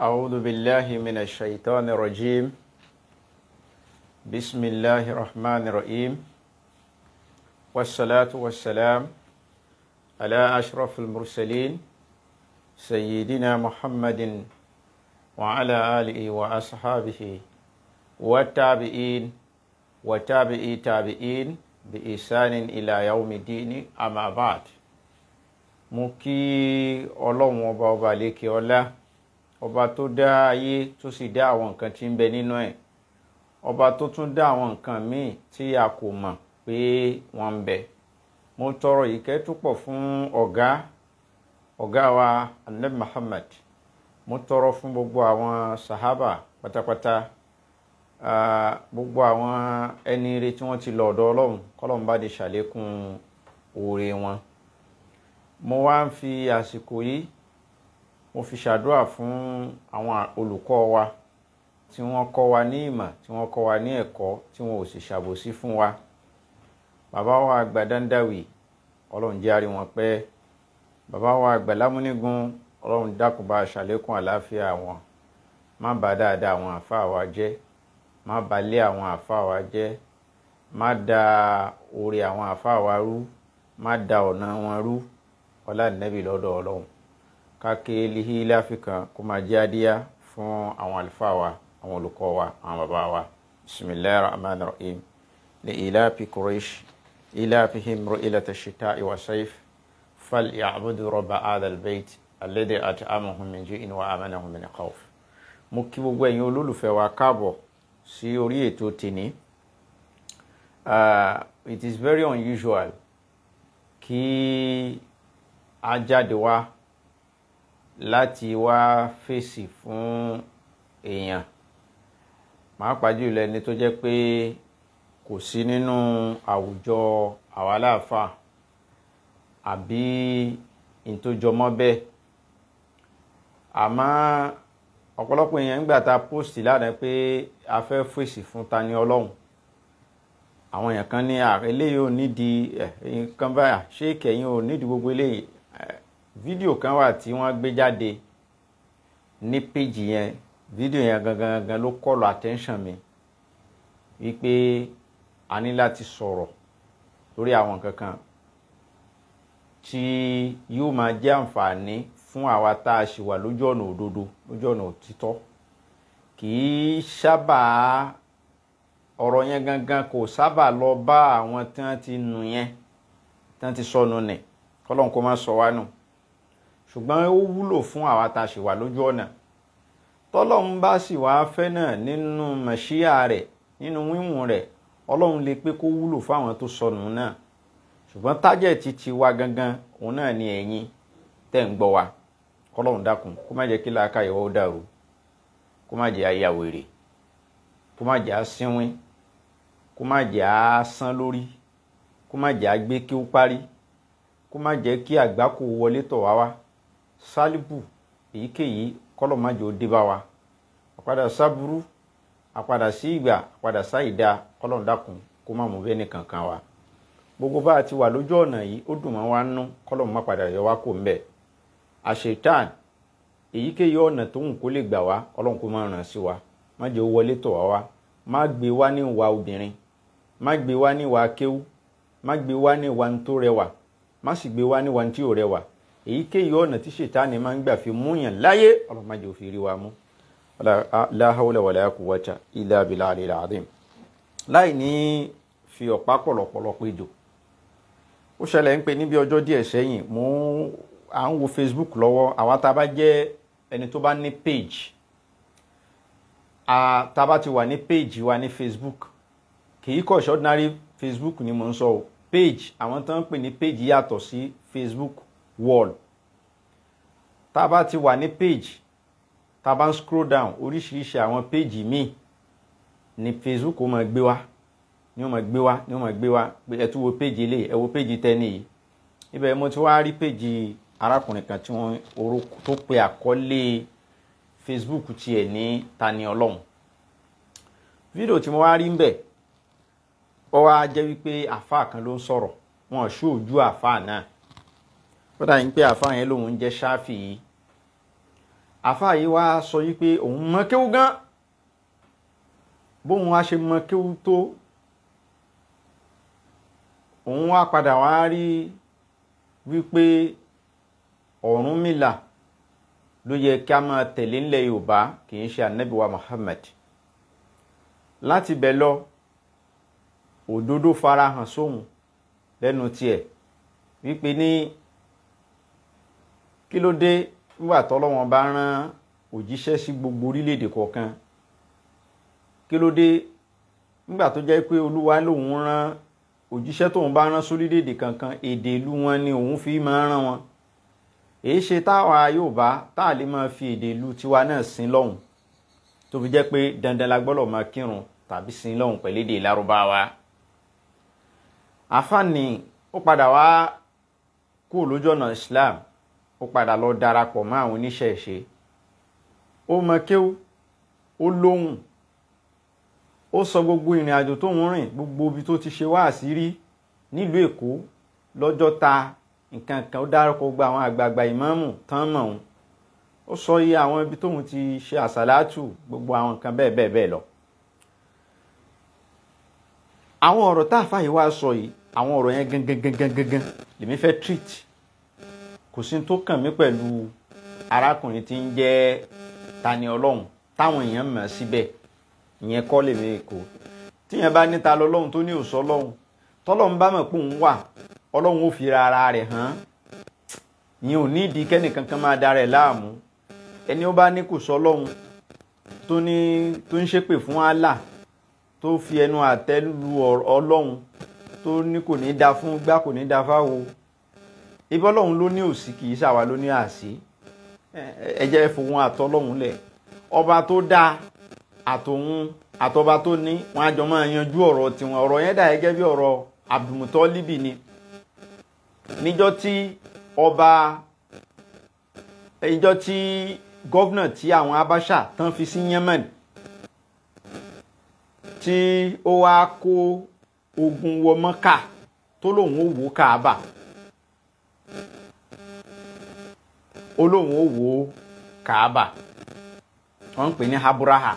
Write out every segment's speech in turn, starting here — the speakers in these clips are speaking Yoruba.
أعوذ بالله من الشيطان الرجيم بسم الله الرحمن الرحيم والصلاة والسلام على أشرف المرسلين سيدنا محمد وعلى آله وأصحابه والتابعين وتابعي تابعين بإحسان إلى يوم الدين أما بعد mo kí ọlọ́run ọba ọba ọba tó dá ayé tó sì dá àwọn nǹkan tí ń bẹ nínú ẹ̀ ọba tó tún dá àwọn nǹkan míì tí a kò mọ̀ pé wọ́n ń bẹ mo tọrọ ìkẹ́ tó pọ̀ fún ọ̀gá ọ̀gá wa Ànábì Muhammad mo tọrọ fún gbogbo àwọn sahaba pátápátá gbogbo àwọn ẹni ire tí wọ́n ti lọ ọ̀dọ̀ Ọlọ́run kọ́lọ́n bá di ṣàlékún oore wọn mo wá ń fi àsìkò yìí mo fi ṣàdúrà fún àwọn olùkọ́ wa tí wọ́n kọ́ wa ní ìmọ̀ tí wọ́n kọ́ wa ní ẹ̀kọ́ tí wọn ò sì ṣàbòsí fún wa bàbá wa àgbà Dandawi ọlọ́run jẹ́ àrí wọn pẹ́ bàbá wa àgbà Lámúnígun ọlọ́run dákun bá ṣàlékún àlàáfíà wọn má bà dáadáa àwọn àáfàá wa jẹ́ má bà lé àwọn àáfàá wa jẹ́ má da orí àwọn àáfàá wa rú má da ọ̀nà wọn rú ọlá nẹ́bí lọ́dọ̀ ọlọ́run káàkiri lihila fi kan kó máa jẹ́ adíyá fún àwọn àlùfáà wa àwọn olùkọ́ wa àwọn bàbá wa bisimilayi rahman rahim li ilafi quraish ilafihim ru'ilata shita'i wa sayf fal ya'budu rabba hadha albayt alladhi at'amahum min ji'in wa amanahum min khawf mo kí gbogbo ẹ̀yin olólùfẹ́ wa káàbọ̀ sí orí ètò tìní uh, it is very unusual kí a jáde wá láti wá fèsì fún èèyàn pàápàá jùlọ ẹni tó jẹ́ pé kò sí nínú àwùjọ àwa láàfáà àbí ìtòjọmọ́ bẹ́ẹ̀ àmọ́ ọ̀pọ̀lọpọ̀ èèyàn nígbà tá a post lánàá pé a fẹ́ fèsì fún Tani Olohun àwọn èèyàn kan ní eléyìí ò nídìí ẹ̀ nǹkan báyà ṣé kẹ̀yìn ò nídìí gbogbo eléyìí fídíò kan wà tí wọ́n gbé jáde ní péjì yẹn fídíò yẹn gangan gangan ló kọlù attention mi wípé a ní láti sọ̀rọ̀ lórí àwọn kankan tí yóò máa jẹ́ àǹfààní fún àwa tá a ṣì wà lójú ọ̀nà òdodo lójú ọ̀nà òtítọ́ kì í sábà ọ̀rọ̀ yẹn gangan kò sábà lọ bá àwọn tí wọ́n ti nù yẹn tí wọ́n ti sọnù nì kọ́lọ́n kó má sọ wá nù. No ṣùgbọ́n ó wúlò fún àwa tá a ṣì wà lójú ọ̀nà tọ́lọ́run bá sì wá fẹ́ náà nínú mọ̀ṣíà rẹ̀ nínú wíwùn rẹ̀ ọlọ́run lè pé kó wúlò fáwọn tó sọnù náà ṣùgbọ́n tájẹ̀tì ti wa gangan òun náà ni ẹ̀yin tẹ́ ń gbọ́ wa kọ́lọ́run dákun kó má jẹ́ kí làákà ìwọ́ ó dàrú kó má jẹ́ àyà wèrè kó má jẹ́ àsínwín kó má jẹ́ àsán lórí kó má jẹ́ àgbékí ó parí kó má jẹ́ kí àgbákò wọlé tọ̀ wá wá. Salibu èyíkéyìí kọ́lọ̀ má jò dé bá wa àpadà sábúrú àpadà sí ìgbà àpadà sáìdá kọ́lọ̀ dákun kó má mú bẹ́ẹ̀ nìkan kan wa gbogbo bá a ti wà lójú ọ̀nà yìí ó dùn mọ́ wa nú kọ́lọ̀ má padà yọ wá kó ń àṣetán èyíkéyìí ọ̀nà tó ń kó lè gbà wá ọlọ́run kó má ràn sí wa má jẹ́ ó wọlé tọ̀ wá wá má gbé wá ní ìwà obìnrin má gbé wá ní ìwà kéwú má gbé wá ní ìwà tó rẹwà má sì gbé wá ní ìwà tí ò rẹwà èyíkéyìí ọ̀nà tí ṣètánì máa ń gbà fi múyàn láyé ọlọ́run má jẹ́ ó fi rí wa mú la hawla wala quwwata illa billahi al-azim láì ní fi ọ̀pá pọ̀lọ̀pọ̀lọ̀ péjọ ó ṣẹlẹ̀ ń pé níbi ọjọ́ díẹ̀ sẹ́yìn mo à ń wo Facebook lọ́wọ́ àwa tá a bá jẹ́ ẹni tó bá ní page tá a bá ti wà ní page wa ní Facebook kì kọ̀ ṣe Facebook ni mo ń sọ o page àwọn tó ń pè ní page yàtọ̀ sí Facebook World. tá a bá ti wà ní page tá a bá ń scroll down oríṣiríṣi àwọn page míì ni Facebook ó máa gbé wá ni ó máa gbé wá ni ó máa gbé wá ẹ tún wo page eléyìí ẹ wo page tẹ́ni yìí ibẹ̀ mo ti wá rí page arákùnrin kan tí wọ́n orúkọ tó pe àkọlé Facebook tiẹ̀ ní Tani Olohun fídíò tí mo wá rí ń bẹ̀ ó wá jẹ́ wípé àáfàá kan ló ń sọ̀rọ̀ wọn ò ṣó ojú àáfàá náà ó dà yín pé àfa yẹn lòun jẹ́ ṣáfì yìí àfa yìí wá sọ yìí pé òun mọ kéwú gan bóun wá ṣe mọ kéwú tó òun wá padà wá rí wípé Ọ̀rúnmìlà ló yẹ kí a máa tẹ̀lé ńlẹ̀ Yorùbá kì í ṣe ànábì wa Muhammad láti bẹ̀ lọ òdodo farahàn sóhun lẹ́nu tiẹ̀ wípé ní kí ló dé nígbà tọ́lọ́wọ́n bá rán òjíṣẹ́ sí gbogbo orílẹ̀-èdè kọ̀ọ̀kan kí ló dé nígbà tó jẹ́ pé olúwa lòun rán òjíṣẹ́ tóun bá rán sórílẹ̀-èdè kankan èdè ìlú wọn ni òun fi máa rán wọn èyí ṣe táwa yóò bá tá a lè máa fi èdè ìlú tiwa náà sin lọ́hùn tó fi jẹ́ pé dandan la gbọ́dọ̀ máa kírun tàbí sin lọ́hùn pẹ̀lú èdè lárúbáwá àfààní ó padà wá kúrò lójú ọ̀nà Islam ó padà lọ darapọ̀ mọ́ àwọn oníṣẹ̀ṣe ó mọ kéwú ó lóhùn ó sọ gbogbo ìrìn àjò tó ń rìn gbogbo ibi tó ti ṣe wáàsí rí nílùú èkó lọ́jọ́ ta nǹkan kan ó dárúkọ gba àwọn àgbààgbà ìmáàmù tán mọ̀ òun ó sọ iye àwọn ibi tóun ti ṣe àsàlátù gbogbo àwọn nǹkan bẹ́ẹ̀ bẹ́ẹ̀ bẹ́ẹ̀ lọ. àwọn ọ̀rọ̀ tá a fàyè wá sọ yìí àwọn ọ̀rọ̀ yẹn gangan gangan gangan lèmi fẹ́ treat kò sí tó kàn mí pẹ̀lú arákùnrin tí ń jẹ́ Tani Olohun táwọn èèyàn mọ̀ síbẹ̀ ìyẹn kọ́ lèmi èkó tíyẹn bá níta lọ́lọ́run tó ní òsọ lọ́hùn tọ́lọ́run bá mọ̀ pé òun wà ọlọ́run ó fi ara rẹ̀ hàn ìyẹn ò ní ìdí kẹ́nìkankan máa dára ẹ̀ láàmú ẹni ó bá ní kò sọ lọ́hùn tó ní tó ń ṣépè fún Allah tó fi ẹnu àtẹ́ lu ọlọ́run tó ní kò ní da fún gbá kò ní da fáwo ibi ọlọ́run ló ní òsì kì í ṣàwa ló ní àṣì ẹ jẹ́ fòun àtọlọ́run lẹ̀ ọba tó dáa àtòun àtọba tó ní wọn àjọ máa yanjú ọ̀rọ̀ tiwọn ọ̀rọ̀ yẹn dà gẹ́gẹ́ bí ọ̀rọ̀ Abdulmutalibi ni níjọ́ tí ọba ìjọ́ tí gọ́vnà tí àwọn Abacha tán fi sí Yemen tí ó wá kó ogun wọ Mọ́kà tó lòun ò wó Káàbà. olóhùn ó wo kaaba wọ́n ń pè ní haburaha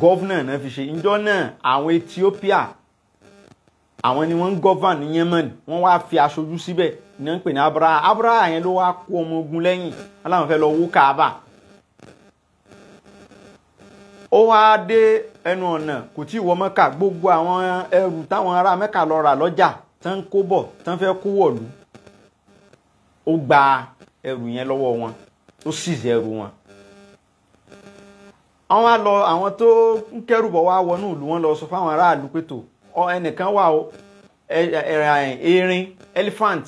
gọ́vnà náà fi ṣe ìjọ náà àwọn Ethiopia àwọn ni wọ́n ń gọ́vàn ní Yemen wọ́n wá fi aṣojú síbẹ̀ ní wọ́n ń pè ní haburaha haburaha yẹn ló wá kó ọmọ ogun lẹ́yìn aláwọn fẹ́ lọ wó kaaba ó wá dé ẹnu ọ̀nà kò tí ì wọ mẹ́ka gbogbo àwọn ẹrù táwọn ará mẹ́ka lọ rà lọ́jà tán kó bọ̀ tán fẹ́ kó wọ̀lú ó gba ẹrù yẹn lọ́wọ́ wọn ó seize ẹrù wọn àwọn á lọ àwọn tó ń kẹ́rù bọ̀ wá wọnú ìlú wọn lọ sọ fáwọn aráàlú pé tó ẹnìkan wà ó erin elephant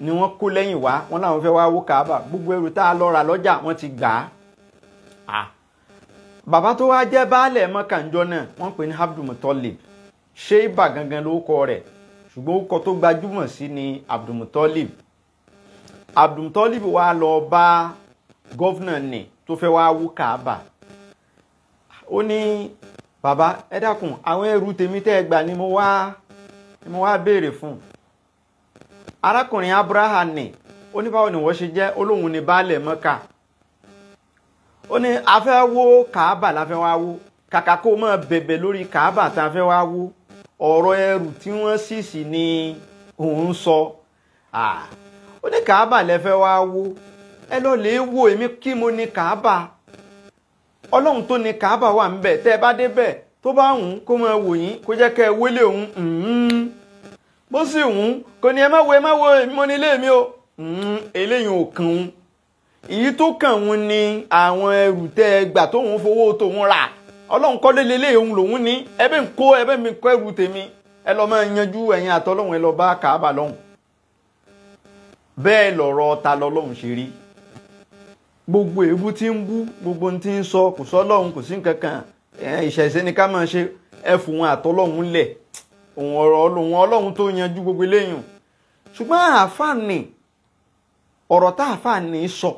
ni wọ́n kó lẹ́yìn wá wọ́n làwọn fẹ́ wá wó Káàbà gbogbo ẹrù tá a lọ rà lọ́jà wọ́n ti gbà á bàbá tó wá jẹ́ baálẹ̀ mọ́kànjọ́ náà wọ́n pè ní Abdulmutalib Sheiba gangan ló kọ rẹ̀ ṣùgbọ́n ó kọ tó gbajúmọ̀ sí ni Abdulmutalib abdulmutolib wa lọ bá gọ́vnà ni tó fẹ́ wá wú kaaba ó ní bàbá ẹ dákun àwọn ẹrú tèmi tẹ́ gbà ni mo wá ni mo wá béèrè fún arákùnrin abraha ni ó ní báwo ni wọ́n ṣe jẹ́ olóhùn ni baálẹ̀ mọ́kà ó ní a fẹ́ wó kaaba la fẹ́ wá wó kàkà kó mọ́ bẹ̀bẹ̀ lórí kaaba tá a fẹ́ wá wó ọ̀rọ̀ ẹrù tí wọ́n sì sì ni òun sọ ah, ó ní kàábà lẹ́fẹ́ wá wó ẹ lọ lè wo èmi kí mo ní kàábà ọlọ́run tó ní kàábà wà ń bẹ̀ tẹ́ ẹ bá débẹ̀ tó bá hùn kó máa wò yín kó jẹ́ kẹ́ ẹ wélé òun bó sì hùn kò ní ẹ má wo ẹ má wo èmi mo ní ilé mi o eléyìí ò kàn ún èyí tó kàn ún ni àwọn ẹrù tẹ́ gbà tóun fowó tóun rà ọlọ́run kọ́ lélẹ́lẹ́ òun lòun ní ẹbẹ̀ ń kó ẹbẹ̀ mi kọ́ ẹrù tèmi ẹ lọ́ máa yanjú ẹ̀yin àtọ́lọ́run ẹ lọ bá kàábà lọ́hùn bẹ́ẹ̀ lọ̀rọ̀ ta lọ́lọ́run ṣe rí gbogbo èébú tí ń bú gbogbo tí ń sọ kò sọ́lọ́run kò sí nǹkan kan ni ká máa ṣe ẹ̀fùn àtọ́lọ́run lẹ̀ òun ọ̀rọ̀ òun ọlọ́run tó yanjú gbogbo eléyìn ṣùgbọ́n àfààní ọ̀rọ̀ tá àfààní sọ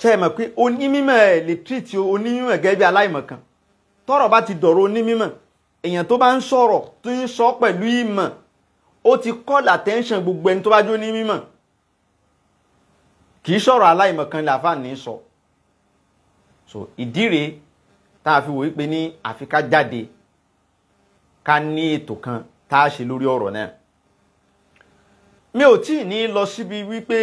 ṣe é mọ̀ pé onímọ̀ ẹ̀ lè tírìtì onímọ̀ gẹ́gẹ́ bí aláìmọ̀kan tọ́rọ̀ bá ti dọ̀rọ̀ onímọ̀ èèyàn tó bá ń sọ̀rọ̀ tó ń sọ pẹ̀lú ìmọ̀ ó ti call attention gbogbo ẹni tó bá jó ní mímọ̀ kì í sọ̀rọ̀ aláìmọ̀kan làfà ní sọ so ìdí rèé tá a fi wòye pé ní àfi ká jáde ká ní ètò kan tá a ṣe lórí ọ̀rọ̀ náà mi ò tí ì ní lọ síbi wípé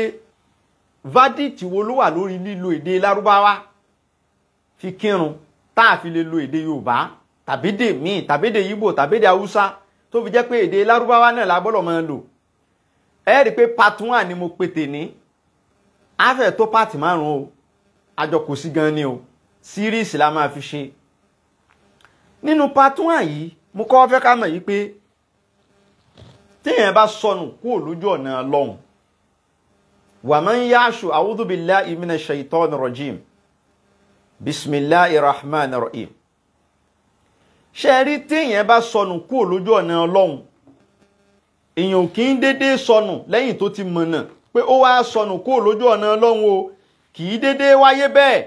verdict wo ló wà lórí lílo èdè lárúbáwá fi kírun tá a fi lè lo èdè yorùbá tàbí èdè míì tàbí èdè yíbò tàbí èdè haúsá tó fi jẹ́ pé èdè lárúbáwá náà lágbọ́dọ̀ máa lò ẹ rí i pé part one ni mo pè tèní afẹ́ tó part márùn-ún o àjọ kò sí gan ni o series la máa fi ṣe nínú part one yìí mo kọ́ fẹ́ ká mọ̀ yìí pé téèyàn bá sọnù kúrò lójú ọ̀nà lọ́hùn wà máa ń yáṣù a'udhu billahi minash shaitani rajim bismillahir rahmanir rahim ṣe rí téèyàn bá sọnù kúrò lójú ọ̀nà ọlọ́run èèyàn kì í déédéé sọnù lẹ́yìn tó ti mọ̀nà pé ó wá sọnù kúrò lójú ọ̀nà ọlọ́run o kì í déédéé wáyé bẹ́ẹ̀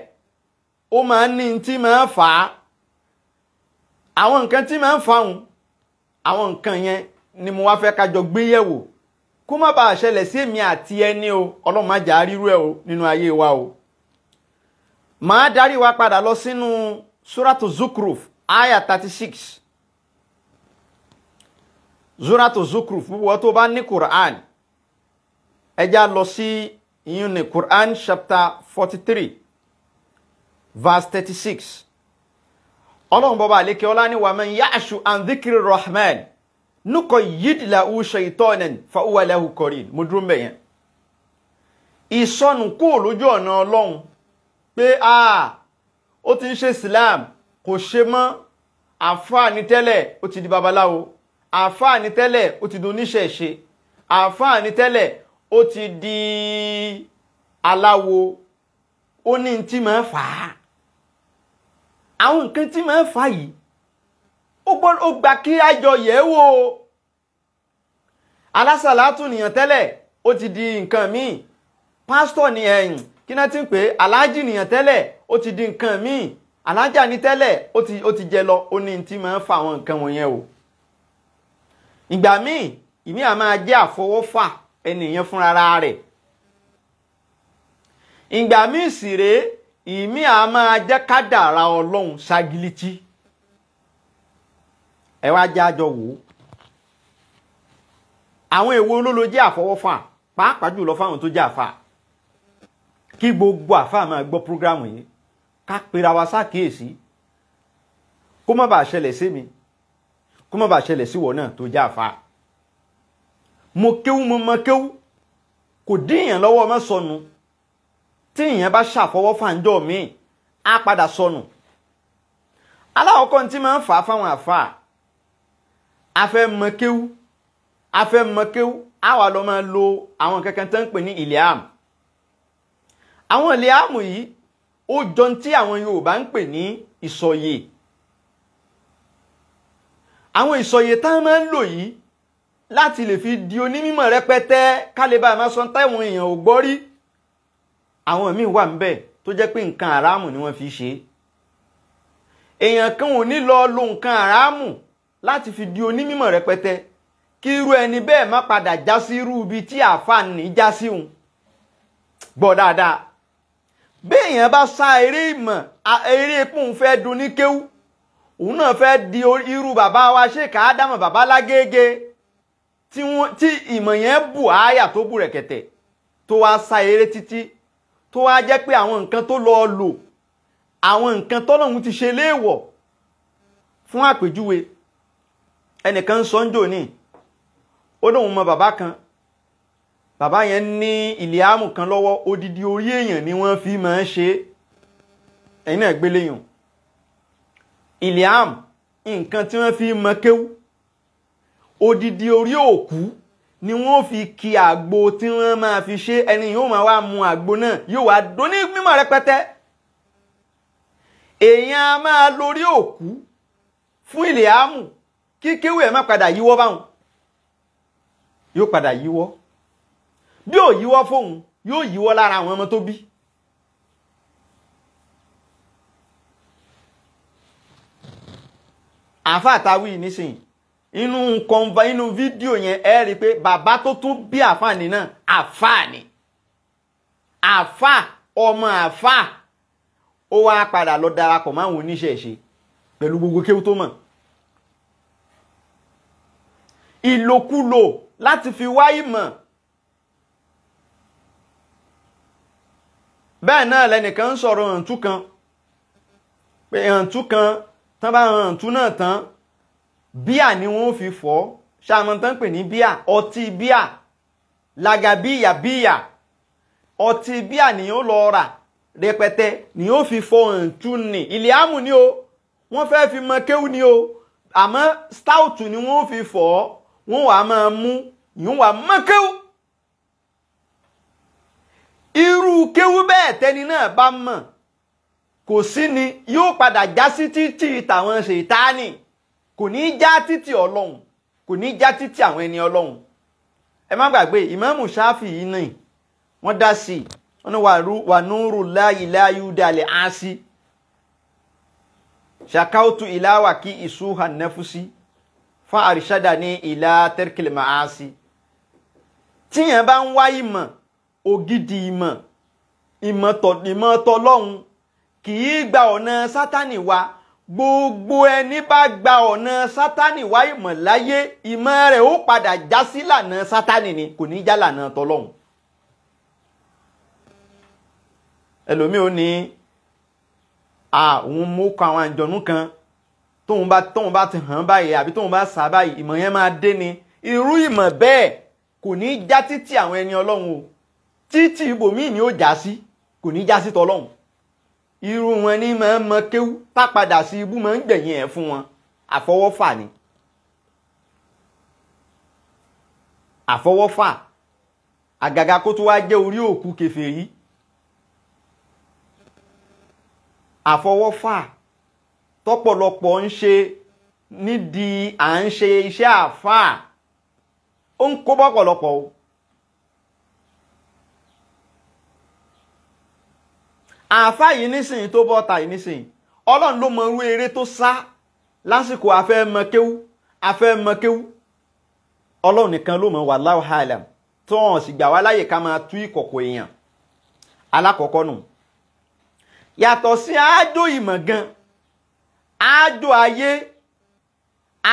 ó máa ń ní tí máa ń fà á àwọn nǹkan tí máa ń fa òun àwọn nǹkan yẹn ni mo wá fẹ́ ká gbé yẹ̀wò kó má bàa ṣẹlẹ̀ sí èmi àti ẹni o ọlọ́run má jà á rírú ẹ̀ o nínú ayé wa o màá darí wa padà lọ sínú suratu zukruf aya thirty six zuratu zukruf wọ́n tó bá ní quran ẹja lọ sí ìyún ní quran chapter forty three verse thirty six ọlọ́run bọ́ba àlékè ọlá ní wàmẹ́ yáṣu an rahman nukọ yídìlá u ṣèyítọ́nẹ̀n fàwọ́lẹ́hù kọrin mo dúró mbẹ̀ yẹn ìsọnù kúrò lójú ọ̀nà ọlọ́run pé a ó ti ń ṣe islam kò ṣe mọ́ àfáà ní tẹ́lẹ̀ ó ti di babaláwo àfáà ní tẹ́lẹ̀ ó ti di oníṣẹ̀ṣe àfáà ní tẹ́lẹ̀ ó ti di aláwo ó ní tí máa ń fà á àwọn nǹkan tí máa ń fà yìí ó gbà kí àjọ yẹ̀ wò alásàlátù nìyàn tẹ́lẹ̀ ó ti di nǹkan míì pásítọ̀ ni ẹ̀yìn kí náà ti ń pè é aláàjì nìyàn tẹ́lẹ̀ ó ti di nǹkan míì alájà ni tẹ́lẹ̀ ó ti ó ti jẹ lọ ó ní tí máa ń fa àwọn nǹkan wọ̀nyẹn o ìgbà míì ìmí à máa jẹ́ àfọwọ́fà ẹnìyẹn fúnra rẹ̀ ìgbà míì sì rèé ìmí à máa jẹ́ kádàrá ọlọ́run ságilítí ẹ wá jẹ́ àjọ wò ó àwọn èwo olólo jẹ́ àfọwọ́fà pàápàá jùlọ fáwọn tó jẹ́ àfà kí gbogbo àfà máa gbọ́ prógrámù yìí ká pera wa sákìyèsí kó má bàa ṣẹlẹ̀ sí mi kó má bàa ṣẹlẹ̀ sí wọ náà tó já fa mo kéwú mo mọ kéwú kò díyàn lọ́wọ́ má sọnù tí èèyàn bá ṣàfọwọ́ fàǹjọ́ míì á padà sọnù aláwọ̀kọ́ tí máa ń fà á fáwọn àfà a fẹ́ mọ kéwú a fẹ́ mọ kéwú á wà lọ máa lo àwọn kankan tó ń pè ní ìlẹ̀ àmù àwọn ìlẹ̀ àmù yìí ó jọ tí àwọn Yorùbá ń pè ní ìsọyè àwọn ìsọyè tá a máa ń lò yìí láti lè fi di onímọ̀ rẹpẹtẹ kálíbà máa sọ táwọn èèyàn ò gbọ́ rí àwọn míì wà ń bẹ̀ tó jẹ́ pé nǹkan àràmù ni wọ́n fi ṣe èèyàn kan ò ní lọ lo nǹkan àràmù láti fi di onímọ̀ rẹpẹtẹ kí irú ẹni bẹ́ẹ̀ má padà já sí irú ibi tí àáfàá ní já sí òun gbọ́ dáadáa béèyàn bá sá eré ìmọ̀ eré pòun fẹ́ dun ní kéwú òun náà fẹ́ di irú bàbá wa ṣèkà ádámọ̀ bàbá lágége tí ìmọ̀ yẹn bù áyà tó bù rẹ̀kẹ̀tẹ̀ tó wá sá eré títí tó wá jẹ́ pé àwọn nǹkan tó lọ lò àwọn nǹkan tọ́lọ́hun ti ṣe léèwọ̀ fún àpèjúwe ẹnìkan sọ́njò ní ó dóun mọ bàbá kan bàbá yẹn ní ìlíàmù kan lọ́wọ́ odidi orí èèyàn ni wọ́n fi máa ń ṣe ẹ̀yin náà gbélé yàn ìlíàmù nǹkan tí wọ́n fi mọ kéwú odidi orí òkú ni wọ́n fi ki àgbo tí wọ́n máa fi ṣe ẹni yóò máa wá mu àgbo náà yóò wá dún ní mímọ̀ rẹpẹtẹ èèyàn a máa lórí òkú fún ìlíàmù kí kéwú ẹ̀ má padà yíwọ́ báwọn yóò padà yíwọ́ bí ò yíwọ́ fóun yóò yíwọ́ lára àwọn ọmọ tó bí. àáfàá táwí nísìnyí inú kọ̀ǹba inú fídíò yẹn ẹ rí i pé bàbá tó tún bí àáfàá ni náà àáfàá ni àáfàá ọmọ àáfàá ó wá padà lọ darapọ̀ máwọn oníṣẹ̀ṣe pẹ̀lú gbogbo kéwú tó mọ̀ ìlòkulò láti fi wá ìmọ̀ bẹ́ẹ̀ náà lẹ́nìkan ń sọ̀rọ̀ hàǹtú kan pé hàǹtú kan tán bá hàǹtú náà tán bíà ni wọ́n fi fọ́ ṣàmọ́ tán pè ní bíà ọtí bíà làgàbíyà bíyà ọtí bíà ni ó lọ rà rẹpẹtẹ ni ó fi fọ́ hàǹtú ni ìlíàmù ni o wọ́n fẹ́ fi mọ kéwù ni o àmọ́ stout ni wọ́n fi fọ́ wọ́n wàá máa mú ìyún wàá mọ kéwù irú kéwú bẹ́ẹ̀ tẹni náà bá mọ̀ kò sí ni yóò padà já sí títì tàwọn ṣètáàní kò ní já títì ọlọ́run kò ní já títì àwọn ẹni ọlọ́run ẹ má gbàgbé ìmáàmù ṣáfì yìí nì wọ́n dá sí i wọ́n ní wànúrù láyé láyé dalẹ̀ á sí ṣàkáwùtù ìláwà kí ìṣúhà nẹ́fúsí fún àrísádà ní ìlà tẹ́rkìlì màá sí tíyẹn bá ń wáyé mọ̀ ògidì ìmọ̀ ìmọ̀ tọlọ́hun kì í gba ọ̀nà sátánì wa gbogbo ẹni bá gba ọ̀nà sátánì wa ìmọ̀ láyé ìmọ̀ rẹ̀ ó padà já sí lànà sátánì ni kò ní já lànà tọlọ́hun. ẹlòmíì ò ní àwọn mú kọ àwọn àjọ̀nú kan tóun bá tóun bá ti hàn báyìí àbí tóun bá sá báyìí ìmọ̀ yẹn máa dé ni irú ìmọ̀ bẹ́ẹ̀ kò ní já títí àwọn ẹni ọlọ́run o títí ibòmíì ni ó já sí kò ní já sí tọlọ́hún irú wọn ní máa ń mọ kéwú pápadà sí ibú máa ń gbẹ̀yìn ẹ̀ fún wọn àfọwọ́fà ni àfọwọ́fà àgàgà kó tó wá jẹ́ orí òkú kèfèrí àfọwọ́fà tọ́pọ̀lọpọ̀ ń ṣe nídìí à ń ṣe iṣẹ́ àfáà ó ń kó bọ́pọ̀lọpọ̀ o. àáfà yìí nísìnyí tó bọ́ ta yìí nísìnyí ọlọ́run ló mọ irú eré tó sá lásìkò afẹ́mọkéwú afẹ́mọkéwú ọlọ́run nìkan ló mọ wallahu alam tó hàn sì gbà wá láyè ká máa tú ìkọ̀kọ̀ èèyàn alákọ̀ọ́kọ́ nù yàtọ̀ sí àájò ìmọ̀ gan àájò ayé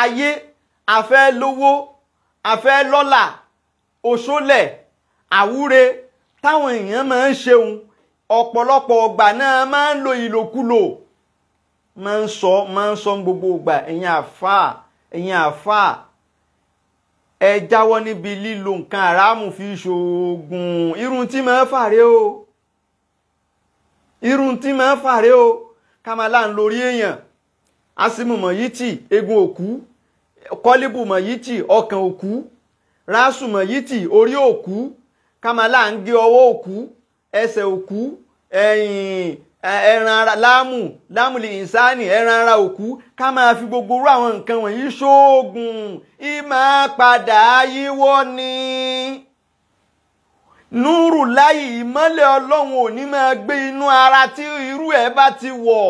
ayé afẹ́ lówó afẹ́ lọ́là òṣòlẹ̀ àwúre táwọn èèyàn máa ń ṣeun ọ̀pọ̀lọpọ̀ ọgbà náà máa ń lo ìlòkulò máa ń sọ máa ń sọ gbogbo ọgbà ẹ̀yin àfáà ẹ̀yin àfáà ẹ jáwọ́ níbi lílo nǹkan àràmù fi ṣoògùn irun tí máa o irun tí máa ń o ń lórí èèyàn asimu mọ̀yìtì egun òkú kọ́líbù mọ̀yìtì ọkàn òkú rásù mọ̀yìtì orí òkú kàmáàlà ń gé ọwọ́ ẹsẹ̀ òkú ẹ̀yìn ẹran ara láàmù láàmù lè ìsáàní ẹran ara òkú ká máa fi gbogbo orú àwọn nǹkan wọ̀nyí ṣoògùn ìmọ̀ padà yíwọ́ ni núrù láyì ìmọ́lẹ̀ ọlọ́run ò ní máa gbé inú ara tí irú ẹ̀ bá ti wọ̀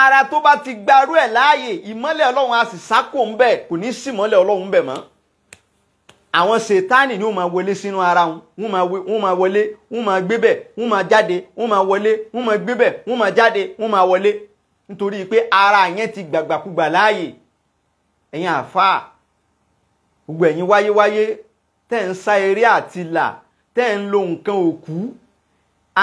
ara tó bá ti gbarú ẹ̀ láàyè ìmọ́lẹ̀ ọlọ́run a sì sákò ń bẹ̀ kò ní sí ìmọ́lẹ̀ ọlọ́run bẹ̀ mọ́ àwọn sètáànì ni wọ́n máa wọlé sínú ara wọn wọ́n máa wọlé wọ́n máa gbébẹ̀ wọ́n máa jáde wọ́n máa wọlé wọ́n máa gbébẹ̀ wọ́n máa jáde wọ́n máa wọlé nítorí pé ara yẹn ti gbàgbàkúgbà láàyè ẹ̀yin àfáà gbogbo ẹ̀yin wáyéwáyé tẹ́ ń sá eré àtilà tẹ́ ń lo nǹkan òkú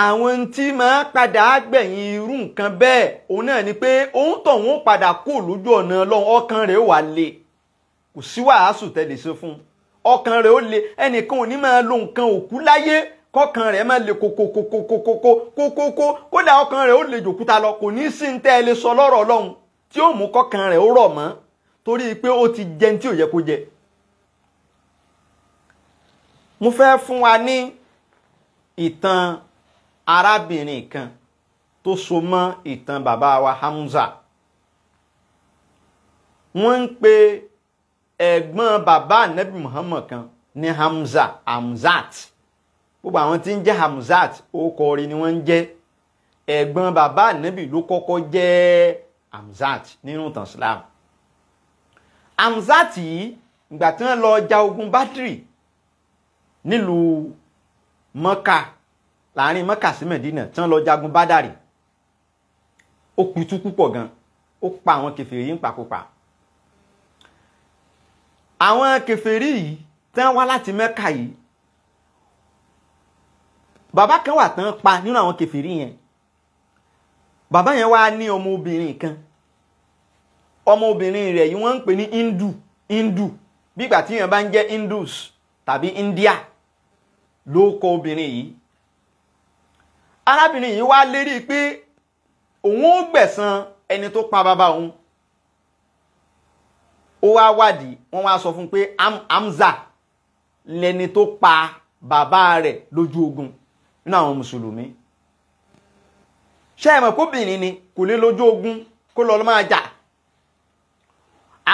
àwọn tí máa padà gbẹ̀yìn irú nǹkan bẹ́ẹ̀ òun náà ni pé òun tọ̀hún padà kó lójú ọ̀nà ọlọ́run ọkàn rẹ̀ wà le kò sí wàásù tẹ́ ṣe fún un ọkàn rẹ̀ ó le ẹnìkan ò ní máa lo nǹkan òkú láyé kọkàn rẹ̀ máa le kòkòkòkòkòkòkòkò kódà ọkàn rẹ̀ ó le jòkúta lọ kò ní sí tẹ́ ẹ lè sọ lọ́rọ̀ ọlọ́run tí ó mú kọkàn rẹ̀ ó rọ̀ mọ́ torí pé ó ti jẹun tí ò yẹ kó jẹ. mo fẹ́ fún wa ní ìtàn arábìnrin kan tó so mọ́ ìtàn bàbá wa Hamza wọ́n ń pe ẹ̀gbọ́n bàbá anabi muhammad kan ní hamza hamzat gbogbo àwọn tí ń jẹ́ hamzat orúkọ rẹ̀ ni wọ́n ń jẹ́ ẹ̀gbọ́n bàbá anabi ló kọ́kọ́ jẹ́ hamzat nínú ìtàn islam hamzat yìí ìgbà tí wọ́n lọ ja ogun badri nílùú mọ́kà láàrin mọ́kà sí mẹ́dínà tí wọ́n lọ jagun bádàrí ó pitú púpọ̀ gan ó pa àwọn kẹfìrí ń pakópa àwọn kèfèrí yìí tán wá láti mẹ́ka yìí bàbá kan wà tán pa nínú àwọn kèfèrí yẹn bàbá yẹn wá ní ọmọbìnrin kan ọmọbìnrin rẹ̀ yìí wọ́n ń pè ní hindu hindu bígbà tí yẹn bá ń jẹ́ hindus tàbí india ló kọ obìnrin yìí arábìnrin yìí wá lérí pé òun ó gbẹ̀san ẹni tó pa bàbá òun ó wá wádìí wọ́n wá sọ fún pé Hamza lẹni tó pa bàbá rẹ̀ lójú ogun nínú àwọn mùsùlùmí ṣé ẹ mọ̀ kóbìnrin ni kò lè lójú ogun kó lọ máa jà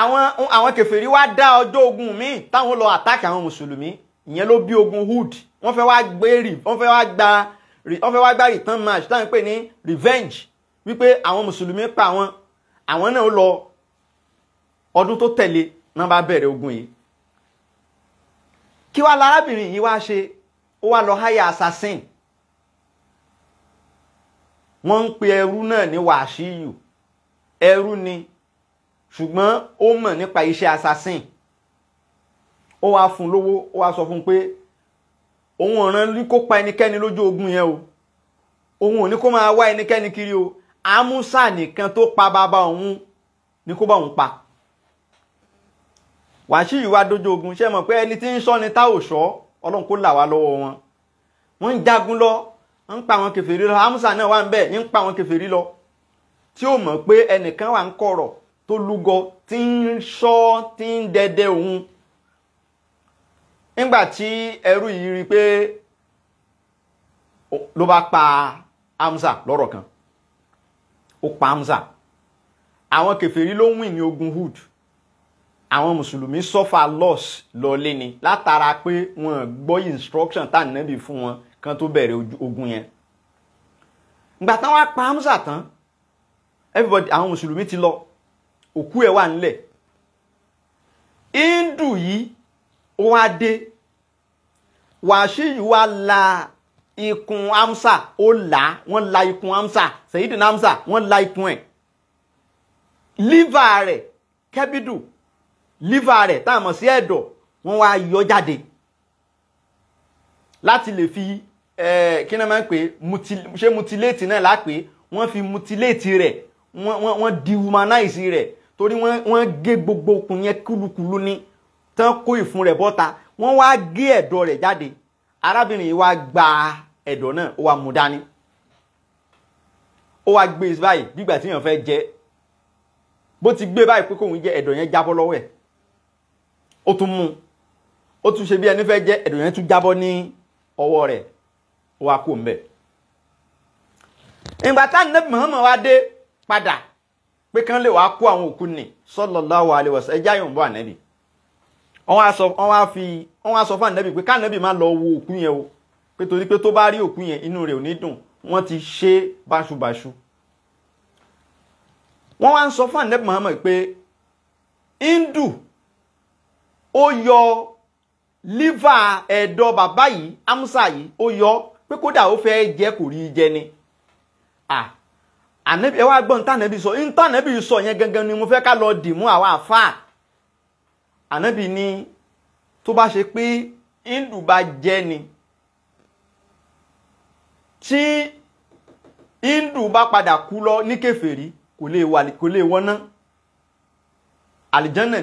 àwọn àwọn kèfèrí wá dá ọjọ́ ogun míì táwọn lọ àtàkì àwọn mùsùlùmí ìyẹn ló bí ogun Hud wọ́n fẹ́ wá gbé rì wọ́n fẹ́ wá gba wọ́n fẹ́ wá gba return match táwọn ń pè ní revenge wípé àwọn mùsùlùmí pa àwọn àwọn náà lọ ọdún tó tẹ̀lé náà bá bẹ̀rẹ̀ ogun yìí kí wá lárábìnrin yìí wá ṣe ó wá lọ háyà assassin wọ́n ń pe ẹrú náà ní wàṣíyù ẹrú ni ṣùgbọ́n ó mọ̀ nípa iṣẹ́ assassin ó wá fún lówó ó wá sọ fún pé òun ọ̀ràn ní kó pa ẹnikẹ́ni lójú ogun yẹn o òun ò ní kó máa wá ẹnikẹ́ni kiri o amúsà nìkan tó pa bàbá òun ní kó bá òun pa wàṣíù wá dójú ogun ṣe mọ̀ pé ẹni tí ń sọ ni tá ò sọ ọlọ́run kó là wá lọ́wọ́ wọn wọ́n ń jagun lọ ń pa àwọn kèfèrí lọ hamusa náà wà ń bẹ̀ ń pa àwọn kèfèrí lọ tí ó mọ̀ pé ẹnìkan wà ń kọ̀rọ̀ tó lúgọ tí ń sọ tí ń dẹdẹ òun nígbà tí ẹrú yìí rí i pé ló bá pa hamusa lọ́rọ̀ kan ó pa hamusa àwọn kèfèrí ló ń wìn ní ogun hood àwọn mùsùlùmí suffer loss lọlé ni látara pé wọn gbọ́ instruction tá nàbì fún wọn kan tó bẹ̀rẹ̀ ogun yẹn ìgbà tán wá pa Hamza tán everybody àwọn mùsùlùmí ti lọ òkú ẹ̀ wà nílẹ̀ hindu yìí ó wá dé wàṣíù wá la ikùn Hamza ó là á wọ́n la ikùn Hamza Sayyidina Hamza wọ́n la ikùn ẹ̀ liver rẹ̀ kẹ́bídù liver rẹ̀ tá a mọ̀ sí ẹ̀dọ̀ wọ́n wá yọ jáde láti lè fi kí ni máa ń pè ṣé mutilate náà lápè wọ́n fi mutilate rẹ̀ wọ́n dehumanize rẹ̀ torí wọ́n gé gbogbo okùn yẹn kúlukúlu ní tán kó ìfun rẹ̀ bọ́ta wọ́n wá gé ẹ̀dọ̀ rẹ̀ jáde arábìnrin yìí wá gba ẹ̀dọ̀ náà ó wá mú dání ó wá gbé e báyìí bí ìgbà tí èèyàn fẹ́ jẹ bó ti gbé e báyìí pé kóun jẹ ẹ̀dọ̀ yẹn jábọ́ lọ́wọ́ ẹ̀ ó tún mú ó tún ṣe bí ẹni fẹ́ jẹ́ ẹ̀dùn yẹn tún jábọ́ ní ọwọ́ rẹ̀ ó wá kó mbẹ̀. ìgbà táwọn nẹ́bí Muhammad wá dé padà pé kán lè wàá kó àwọn òkú nì sallallahu alaihi wasallam ẹjẹ́ àyùnbó ànẹ́bì wọ́n wá sọ fún ànẹ́bì pé káànẹ́bì má lọ wo òkú yẹn o pé torí pé tó bá rí òkú yẹn inú rẹ̀ ò ní dùn wọ́n ti ṣe báṣubàṣu wọ́n wá sọ fún ànẹ́bì Muhammad pé hindu ó yọ lífà ẹ̀dọ̀ bàbá yìí amúsà yìí ó yọ pé kódà ó fẹ́ jẹ́ kò ni ànẹ́bí ẹ wá gbọ́n tànẹ́bí sọ ń sọ yẹn gangan ni mo fẹ́ ká lọ dì mú àwọn Anabi ni tó bá ṣe pé hindu bá je ni tí hindu bá padà kú lọ ní kèfèrí kò lè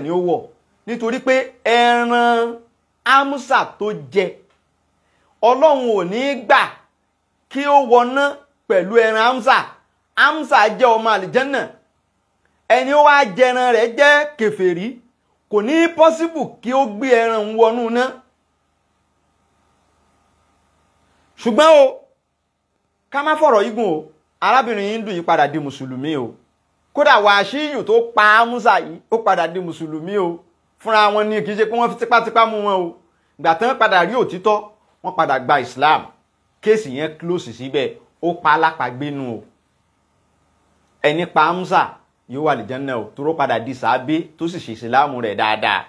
ni ó wọ̀ nítorí pé ẹran amusa tó jẹ ọlọ́run ò ní gbà kí ó wọná pẹ̀lú ẹran amusa amusa jẹ́ ọmọ àlìjẹ́nà ẹni ó wá jẹran rẹ̀ jẹ́ kèfèrí kò ní pọ́síbù kí ó gbé ẹran wọnú náà ṣùgbọ́n o ká má fọ̀rọ̀ igun o arábìnrin hindu yìí padà di mùsùlùmí o kódà wàṣíyù tó pa amusa yìí ó padà di mùsùlùmí o fúnra wọn ni kì í ṣe pé wọ́n fi tipátipá mú wọn o ìgbà tán padà rí òtítọ́ wọ́n padà gba Islam kéèsì yẹn close síbẹ̀ ó pa alápàgbénu o ẹni pa Hamza yóò wà lè jẹ́nà o toró padà di sàábé tó sì ṣe ìsìláàmù rẹ̀ dáadáa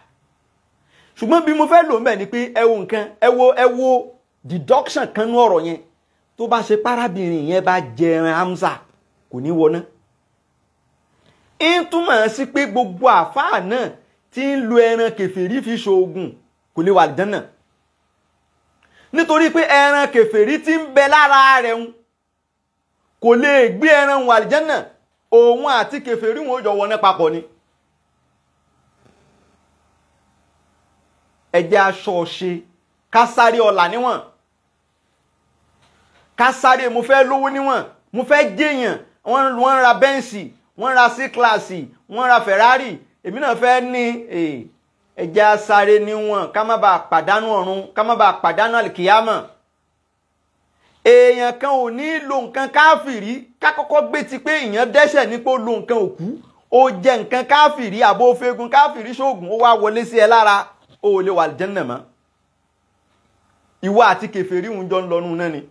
ṣùgbọ́n bí mo fẹ́ lò ń bẹ̀ ni pé ẹ wo nǹkan ẹ wo ẹ wo deduction kan nú ọ̀rọ̀ yẹn tó bá ṣe párábìnrin yẹn bá jẹran Hamza kò ní wọná ń túmọ̀ sí pé gbogbo àfáà náà tí ń lo ẹran kèfèrí fi ṣoògùn kò lè wà àlìjánà nítorí pé ẹran kèfèrí tí ń bẹ lára rẹ̀ ń kò lè gbé ẹran wà àlìjánà òun àti kèfèrí wọn ò jọ wọná papọ̀ ni. ẹjẹ́ aṣọ ṣe ká sáré ọ̀la níwọ̀n ká mo fẹ́ lówó níwọ̀n mo fẹ́ jẹ́yàn wọ́n ń ra bẹ́ǹsì wọ́n ń ra c-class wọ́n ń ra ferrari èmi náà fẹ́ ní eh, ẹ̀jẹ̀ asáré níwọ̀n ká má bàa pàdánù ọ̀run ká má bàa pàdánù àlìkìyàmọ̀ èèyàn kan ò ní lo nǹkan káfìrí ká kọ́kọ́ gbé ti pé èèyàn dẹ́ṣẹ̀ nípò lo nǹkan òkú ó jẹ nǹkan káfìrí àbó fegun káfìrí ṣoògùn ó wá wọlé sí ẹ lára ó lè wà àlìjánnà mọ́ ìwọ àti kèfèrí òun jọ ń lọ náà ni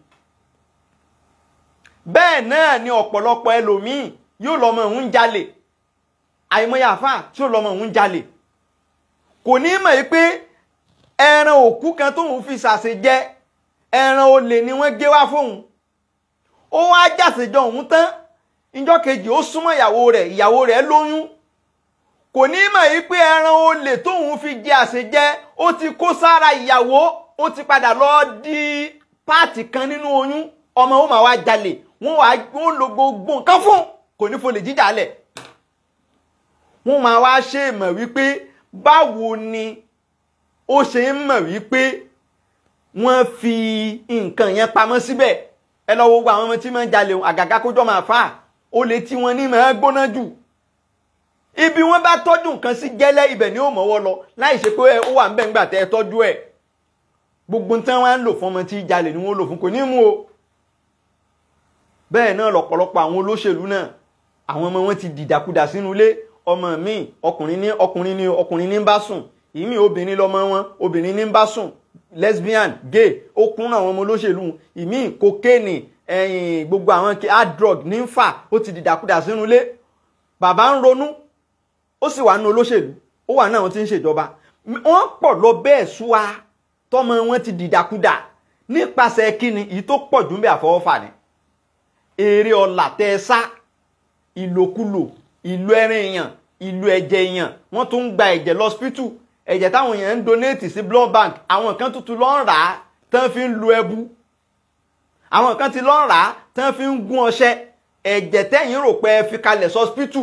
bẹ́ẹ̀ náà ni ọ̀pọ̀lọpọ̀ ẹlòmíì yóò lọ́mọ òun jalè àìmọye àfáà tí ó lọ́mọ òun jalè kò ní mọ̀ pé ẹran òkú kan tóun fi ṣàṣe jẹ ẹran olè ni wọ́n gé wá fóun ó wá jàṣejọ òun tán ìjọ́ kejì ó súnmọ́ ìyàwó rẹ̀ ìyàwó rẹ̀ lóyún kò ní mọ̀ pé ẹran olè tóun fi jẹ àṣejẹ ó ti kó sára ìyàwó ó ti padà lọ di páàtì kan nínú oyún ọmọ ó máa wá jalè wọ́n wá lò gbogbo nǹkan fún kò ní fo lè jíjà lẹ̀ wọ́n máa wá ṣe ìmọ̀ wípé báwo ni ó ṣe ń mọ̀ wípé wọ́n fi nǹkan yẹn pamọ́ síbẹ̀ ẹ lọ wo àwọn ọmọ tí máa ń jalè àgàgà kójọ máa fà ó lè tí wọ́n ní máa gbóná jù ibi wọ́n bá tọ́jú nǹkan sí gẹ́lẹ́ ibẹ̀ ni ó mọ̀wọ́ lọ láì ṣe pé ó wà ń bẹ̀ ńgbà tẹ́ ẹ tọ́jú ẹ̀ gbogbo tán wá ń lò fún ọmọ tí jalè ni wọ́n lò fún kò ní mú o bẹ́ẹ̀ náà lọ́pọ̀lọpọ̀ àwọn olóṣèlú náà àwọn ọmọ wọn ti dìdàkudà sínú ilé ọmọ mi ọkùnrin ní ọkùnrin ní ọkùnrin ní bá sùn ìmí obìnrin lọmọ wọn obìnrin ní bá sùn lesbian gay ó kúnra àwọn ọmọ olóṣèlú ìmí kokéènì ẹ̀yìn gbogbo àwọn hard drug ní ń fà ó ti dìdàkudà sínú ilé bàbá ń ronú ó sì wà nínú olóṣèlú ó wà náà wọn ti ń ṣèjọba wọn pọ̀ lọ bẹ́ẹ̀ súwa tọmọ wọn ti dìdàkudà nípasẹ̀ kíni èyí tó pọ̀ jù ń bẹ àfọwọ́fà ni èrè ọ̀là tẹ́ ẹ sá ìlòkulò ìlú ẹran èèyàn ìlú ẹ̀jẹ̀ èèyàn wọ́n tún ń gba ẹ̀jẹ̀ lọ́spítù ẹ̀jẹ̀ táwọn èèyàn ń donate sí blood bank àwọn kan tuntun lọ́ ń rà á tán fi ń lu ẹbu àwọn kan ti lọ́ ń rà á tán fi ń gún ọṣẹ ẹ̀jẹ̀ tẹ́yìn rò pé ẹ fi kalẹ̀ sọ́spítù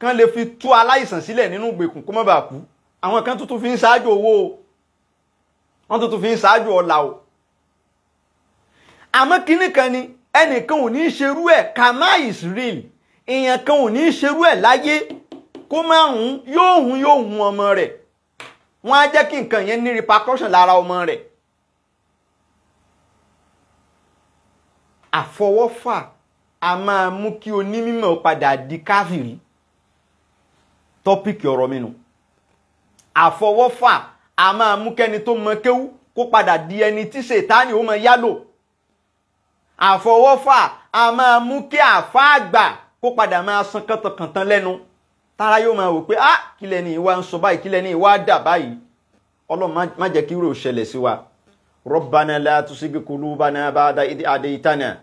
kan lè fi tú aláìsàn sílẹ̀ nínú ìgbèkùn kó má bàa kú àwọn kan tuntun fi ń ṣáájú owó o wọ́n tuntun fi ń ṣáájú ọ̀la o àmọ́ kinní kan ni ẹnìkan ò ní í ṣerú ẹ̀ kàmáà is real èèyàn kan ò ní í ṣerú ẹ̀ láyé kó má hun yóò hun yóò hun ọmọ rẹ̀ wọ́n á jẹ́ kí nǹkan yẹn ní repercussion lára ọmọ rẹ̀. àfọwọ́fà a máa mú kí onímọ̀ padà di káfìrí tọ́pìkì ọ̀rọ̀ mi nù àfọwọ́fà a máa mú kẹ́ni tó mọ kéwú kó padà di ẹni tí ṣètánì ó mọ yálò àfọwọ́fà a máa mú kí àfáàgbà kó padà máa san kàntànkàntàn lẹ́nu tára yóò máa wò pé ah kílẹ̀ ni ìwà ń sọ báyìí kílẹ̀ ni ìwà dà báyìí ọlọ́run má jẹ́ kí irú òṣẹlẹ̀ sí wa rabbana la tusigi kulubana ba'da idh hadaytana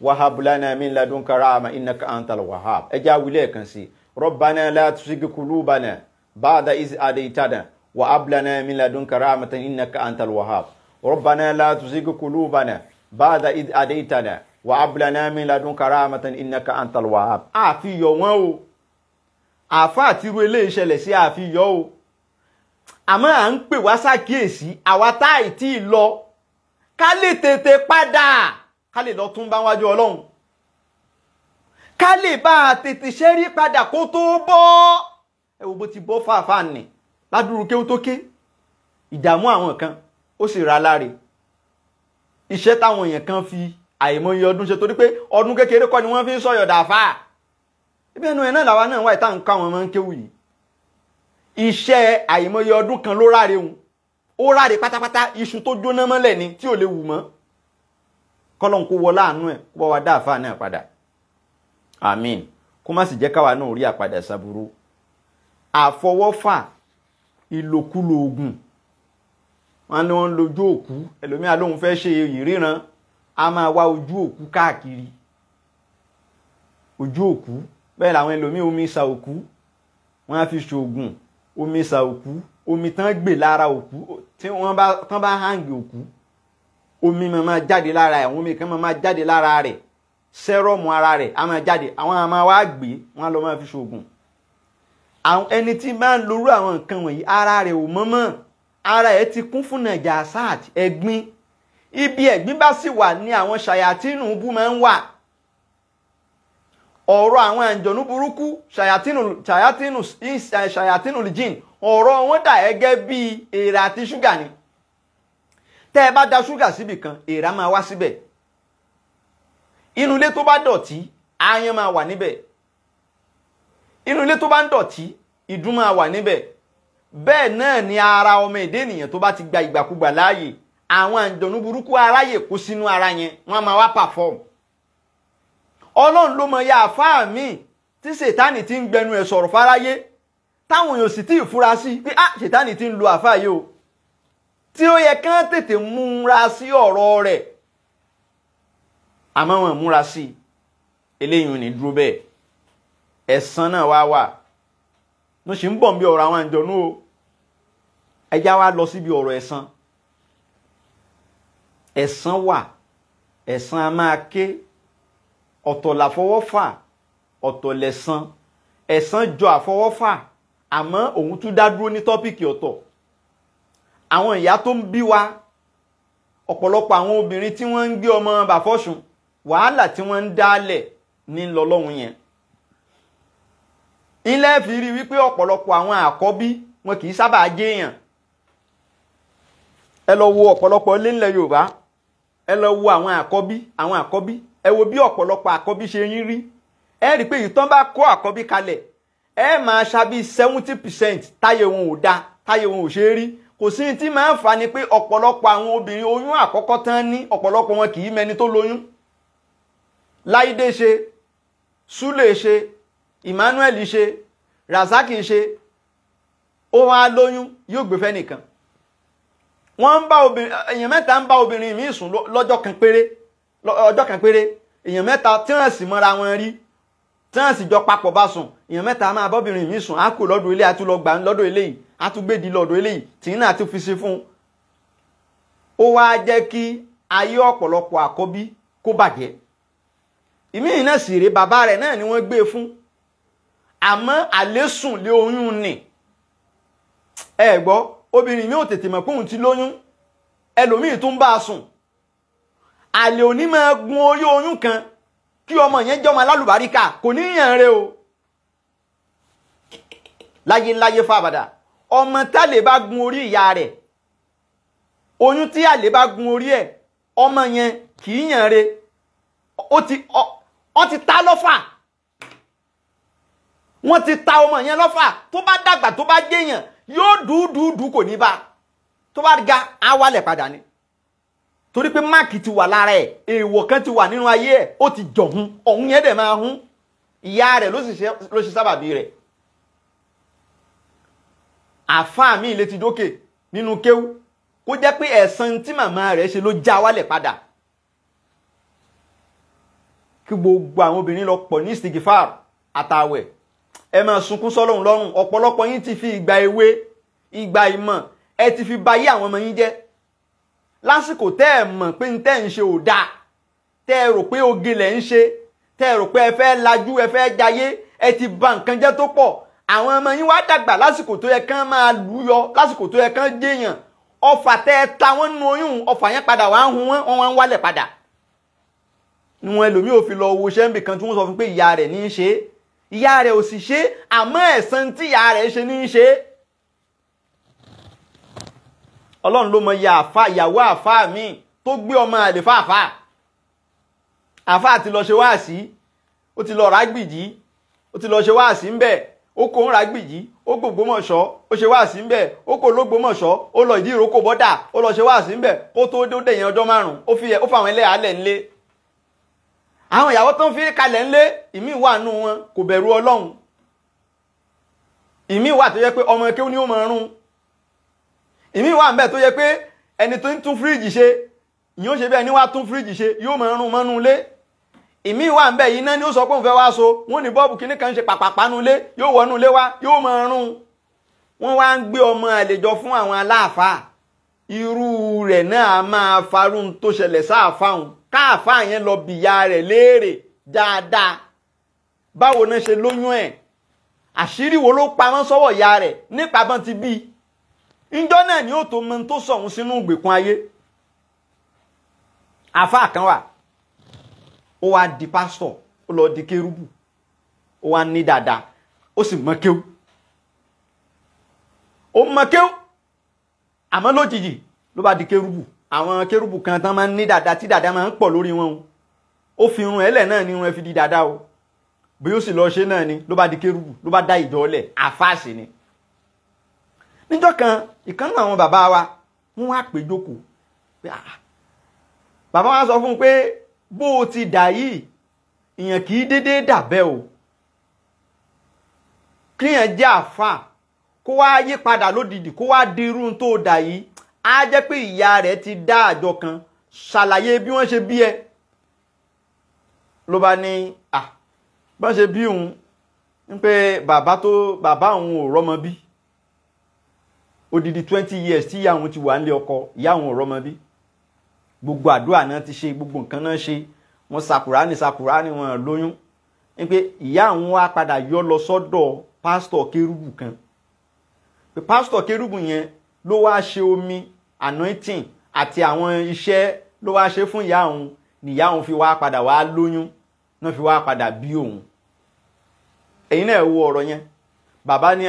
wahab lana min ladunka rahma innaka antal wahhab ẹ já wílẹ̀ kan sí rabbana la tusigi kulubana ba'da idh hadaytana wahab lana min ladunka rahmatan innaka antal wahhab rabbana la tusigi kulubana ba'da idh hadaytana wà á bìlà náà mi ladún karamatan innaka antal wahhab àfihàn wọn o àfa àtirú eléyìí ṣẹlẹ̀ sí àfihàn o àmọ́ à ń pè wá ṣàkíyèsí àwa tá ì tí ì lọ ká lè tètè padà ká lè lọ tún bá wájú ọlọ́run ká lè bá a tètè ṣẹ́rí padà kó tó bọ́ ẹ wo bó ti bọ́ fàáfàá nì ládùúrú kéwú tó ké ìdààmú àwọn kan ó sì ra láre iṣẹ́ táwọn èèyàn kan fi àìmọye ọdún ṣe torí pé ọdún kékeré kọ́ ni wọ́n fi ń sọ̀yọ̀ dàfà ibi ẹnu ẹ̀ náà làwa náà wà ìta nǹkan àwọn ọmọ ń kéwù yìí iṣẹ́ àìmọye ọdún kan ló ráre hun ó ráre pátápátá iṣu tó jóná mọ́lẹ̀ ni tí ò lè wù mọ́ kọ́lọ́n kó wọ láàánú ẹ̀ kó bá wa dáàfà náà padà àmín kó má sì jẹ́ káwa náà rí àpadà ṣàbúrú àfọwọ́fà ìlòkulò oògùn wọn ni wọn ń lojú òkú ẹlòmíà lóun fẹ́ ṣe ìríran a máa wá ojú òkú káàkiri ojú òkú bẹ́ẹ̀ làwọn ẹlòmíín omi sa òkú wọ́n á fi ṣoògùn omi sa òkú omi tán gbè lára òkú tí wọ́n bá tán bá hàǹgì òkú omi máa máa jáde lára ẹ̀ àwọn omi kan máa máa jáde lára rẹ̀ sẹ́rọ̀mù ara rẹ̀ a máa jáde àwọn àmà wa gbé wọn lọ máa fi ṣoògùn ẹni tí máa ń lorú àwọn nǹkan wọ̀nyí ara rẹ̀ ò mọ́mọ́ ara ẹ̀ ti kún fún nàìjà sáàt ẹ̀gbin ibi ẹ̀gbín bá sì wà ní àwọn ṣàyàtínú bú máa ń wà ọ̀rọ̀ àwọn àǹjọ̀nú burúkú ṣàyàtínú lìjìn ọ̀rọ̀ wọn dà gẹ́gẹ́ bí èèrà àti ṣúgà ni tẹ́ ẹ bá da ṣúgà síbì kan èèrà máa wá síbẹ̀ inú ilé tó bá dọ̀tí aáyán máa wà níbẹ̀ inú ilé tó bá ń dọ̀tí ìdun máa wà níbẹ̀ bẹ́ẹ̀ náà ni ara ọmọ èdè ènìyàn tó bá ti gba ìgbàkúgbà láàyè àwọn àǹjọ̀nú burúkú aráyè kó sínú ara yẹn wọ́n máa wá perform ọlọ́run ló mọ ya àfáà míì tí ṣètánì ti ń gbẹnu ẹ̀ sọ̀rọ̀ fáráyé táwọn èèyàn sì tí ì fura sí pé ah ṣètánì ti ń lo àfáà yìí o tí ó yẹ kán tètè múra sí ọ̀rọ̀ rẹ̀ àmọ́ wọn múra sí eléyìí ò ní dúró bẹ́ẹ̀ ẹ̀san náà wá wà ló sì ń bọ̀ bí ọ̀rọ̀ àwọn àǹjọ̀nú o ẹja wa lọ síbi ọ̀rọ̀ ẹ̀san ẹ̀san wà ẹ̀san a máa ké ọ̀tọ̀ làfọwọ́fà ọ̀tọ̀ lẹ̀san ẹ̀san jọ àfọwọ́fà àmọ́ òun tún dá dúró ní tọ́pìkì ọ̀tọ̀ àwọn ìyá tó ń bí wa ọ̀pọ̀lọpọ̀ àwọn obìnrin tí wọ́n ń gbé ọmọ bàfọ́sùn wàhálà tí wọ́n ń dálẹ̀ ní lọ́lọ́run yẹn ilé fi rí wípé ọ̀pọ̀lọpọ̀ àwọn àkọ́bí wọn kì í sábà jẹ́yàn ẹ lọ wo ọ̀pọ̀lọpọ̀ ilé ńlẹ̀ Yorùbá ẹ lọ wo àwọn àkọ́bí àwọn àkọ́bí ẹ wo bí ọ̀pọ̀lọpọ̀ àkọ́bí ṣe yín rí ẹ rí i pé ìtàn bá kó àkọ́bí kalẹ̀ ẹ máa ṣàbí seventy percent táyé wọn ò da táyé wọn ò ṣe é rí kò sí tí máa ń fà ni pé ọ̀pọ̀lọpọ̀ àwọn obìnrin oyún àkọ́kọ́ tán ní ọ̀pọ̀lọpọ̀ wọn kì í mẹni tó lóyún láìdé ṣe súlè ṣe Emmanuel ṣe Razaki ṣe ó wá lóyún yóò gbé fẹ́ nìkan wọ́n ń bá obìnrin èèyàn mẹ́ta ń bá obìnrin mi sùn lọ́jọ́ kan péré ọjọ́ kan péré èèyàn mẹ́ta tí wọ́n sì mọ́ra wọn rí tí wọ́n sì jọ papọ̀ bá sùn èèyàn mẹ́ta máa bọ́bìnrin mi sùn á kò lọ́dọ̀ ilé àti lọ́gbà lọ́dọ̀ ilé yìí á tún gbèdì lọ́dọ̀ ilé yìí tìyín náà tún fi ṣe fún un. ó wáá jẹ́ kí ayé ọ̀pọ̀lọpọ̀ àkọ́bí kó bàjẹ́ ìmíyìn náà sì rèé bàbá rẹ̀ náà ni wọ́n gbé e fún àmọ́ àlésùn lé oyún nì ẹ gbọ́ obìnrin mi ò tètè mọ̀ pé òun ti lóyún ẹlòmíì tó ń bá a sùn àlè òní máa gun orí oyún kan kí ọmọ yẹn jẹ́ ọmọ alálùbáríkà kò ní yàn rẹ o láyéláyé fàbàdà ọmọ tálè bá gun orí ìyá rẹ̀ oyún tí àlè bá gun orí ẹ̀ ọmọ yẹn kì í yàn rẹ ó ti ta lọ́fà wọ́n ti ta ọmọ yẹn lọ́fà tó bá dàgbà tó bá jẹ́yàn yóò dúdúdú kò ní bá tó bá ga á wálẹ̀ padà ni torí pé máàkì ti wà lára ẹ̀ èèwọ̀ kan ti wà nínú ayé ẹ̀ ó ti jọ̀hún ọ̀hún yẹn dẹ̀ máa hún ìyá rẹ̀ ló ṣe sábàbí rẹ̀ àfáà mi ilé ti dókè nínú kéwú kó jẹ́ pé ẹ̀san tí màmá rẹ̀ ṣe ló já wálẹ̀ padà kí gbogbo àwọn obìnrin lọ pọ̀ ní istigifar àtàwẹ̀ ẹ máa sunkún sọ́lọ́run lọ́rùn ọ̀pọ̀lọpọ̀ yín ti fi ìgbà èwe ìgbà ìmọ̀ ẹ ti fi bayé àwọn ọmọ yín jẹ́ lásìkò tẹ́ ẹ mọ̀ pé ń tẹ́ ń ṣe ò dáa tẹ́ ẹ rò pé oge lẹ̀ ń ṣe tẹ́ ẹ rò pé ẹ fẹ́ lajú ẹ fẹ́ jayé ẹ ti ba nǹkan jẹ́ tó pọ̀ àwọn ọmọ yín wá dàgbà lásìkò tó yẹ kán máa lù yọ lásìkò tó yẹ kán jẹyàn ọfà tẹ́ ẹ ta wọ́n nu oyún ọfà yẹn padà wàá hun wọn wọn wálẹ̀ padà ni wọn ẹlòmíì ò fi lọ wo ṣẹ́ńbì kan tí wọ́n sọ fún pé ìyá rẹ̀ ní í ṣe é ìyá rẹ̀ ò sì ṣe àmọ́ ẹ̀san tí ìyá rẹ̀ ṣe ní í ṣe. ọlọ́run ló mọ iye àfa ìyàwó àfa mi tó gbé ọmọ àlè fàáfà àfa ti lọ ṣe wáàsí ó ti lọ rágbìjì ó ti lọ ṣe wáàsí ń bẹ̀ ó kó ń rágbìjì ó gbògbómọ̀ṣọ́ ó ṣe wáàsí ń bẹ̀ ó kó lógbómọ̀ṣọ́ ó lọ ìdí ìrókò bọ́dà ó lọ ṣe wáàsí ń kó tó dé ó dẹ̀yìn ọjọ́ márùn-ún ó fi àwọn ẹlẹ́yàá lẹ̀ ńlé àwọn ìyàwó tó ń fi kalẹ̀ ńlé ìmí wà nù wọn kò bẹ̀rù ọlọ́run ìmí wà tó yẹ pé ọmọ kéwú ni ó máa rún ìmí wà ń bẹ̀ tó yẹ pé ẹni tó ń tún fíríjì ṣe ni ó ṣe bẹ́ẹ̀ ni wàá tún fíríjì ṣe yóò máa rún mọ́nú ilé ìmí wà ń bẹ̀ yìí náà ni ó sọ pé òun fẹ́ wá so wọn ní bọ́ọ̀bù kínní kan ṣe pàpàpà nu ilé yóò wọnú ilé wá yóò máa rún wọn wá ń gbé ọmọ àlejò fún àwọn aláàfáà irú rẹ̀ náà a máa farún tó ṣẹlẹ̀ sáàfáhùn káàfáà yẹn lọ bìyà rẹ̀ léèrè dáadáa báwo náà ṣe lóyún ẹ̀ àṣírí wo ló pamọ́ sọ́wọ́ ìyá rẹ̀ nípa bọ́n ti bí njọ́ náà ni ó tó mọ tó sọ̀hún sínú ìgbèkùn ayé àfáà kan wà ó wá di pásítọ̀ ó lọ di kérúbù ó wá ní dáadáa ó sì mọ kéwú ó mọ kéwú àmọ́ lójijì ló bá di kérúbù àwọn kérúbù kan tán máa ń ní dàda tí dàda máa ń pọ̀ lórí wọn o ó fi irun ẹlẹ̀ náà ní irun ẹ fi di o bí ó sì lọ ṣe náà ni ló bá di kérúbù ló bá dá ìjọ ọlẹ̀ àfáàsì ni. níjọ́ kan ìkan náà àwọn bàbá wa wọ́n wá pè jókòó pé ah. bàbá wa sọ fún pé bó o ti dà yìí èèyàn kì í déédéé dà bẹ́ẹ̀ o kíyàn jẹ́ àfáà kó wá yí padà lódìdí kó wá di irú tó dà yìí á jẹ́ pé ìyá rẹ̀ ti dá àjọ kan ṣàlàyé bí wọ́n ṣe bí ẹ ló bá ní à bá ṣe bí òun ń pé bàbá tó bàbá òun ò rọ́mọ bí odidi twenty years tí ìyá òun ti wà nílé ọkọ ìyá òun ò rọ́mọ bí gbogbo àdúrà náà ti ṣe gbogbo nǹkan náà ṣe wọn sakurani sakurani wọn lóyún ń pé ìyá òun wá padà yọ lọ sọ́dọ̀ pásítọ̀ kérúbù kan pé pásítọ̀ kérúbù yẹn ló wáá ṣe omi anointing àti àwọn iṣẹ́ ló wáá ṣe fún ìyá òun níyà òun fi wáá padà wáá lóyún náà fi wáá padà bí òun ẹ̀yin náà wo ọ̀rọ̀ yẹn bàbá ní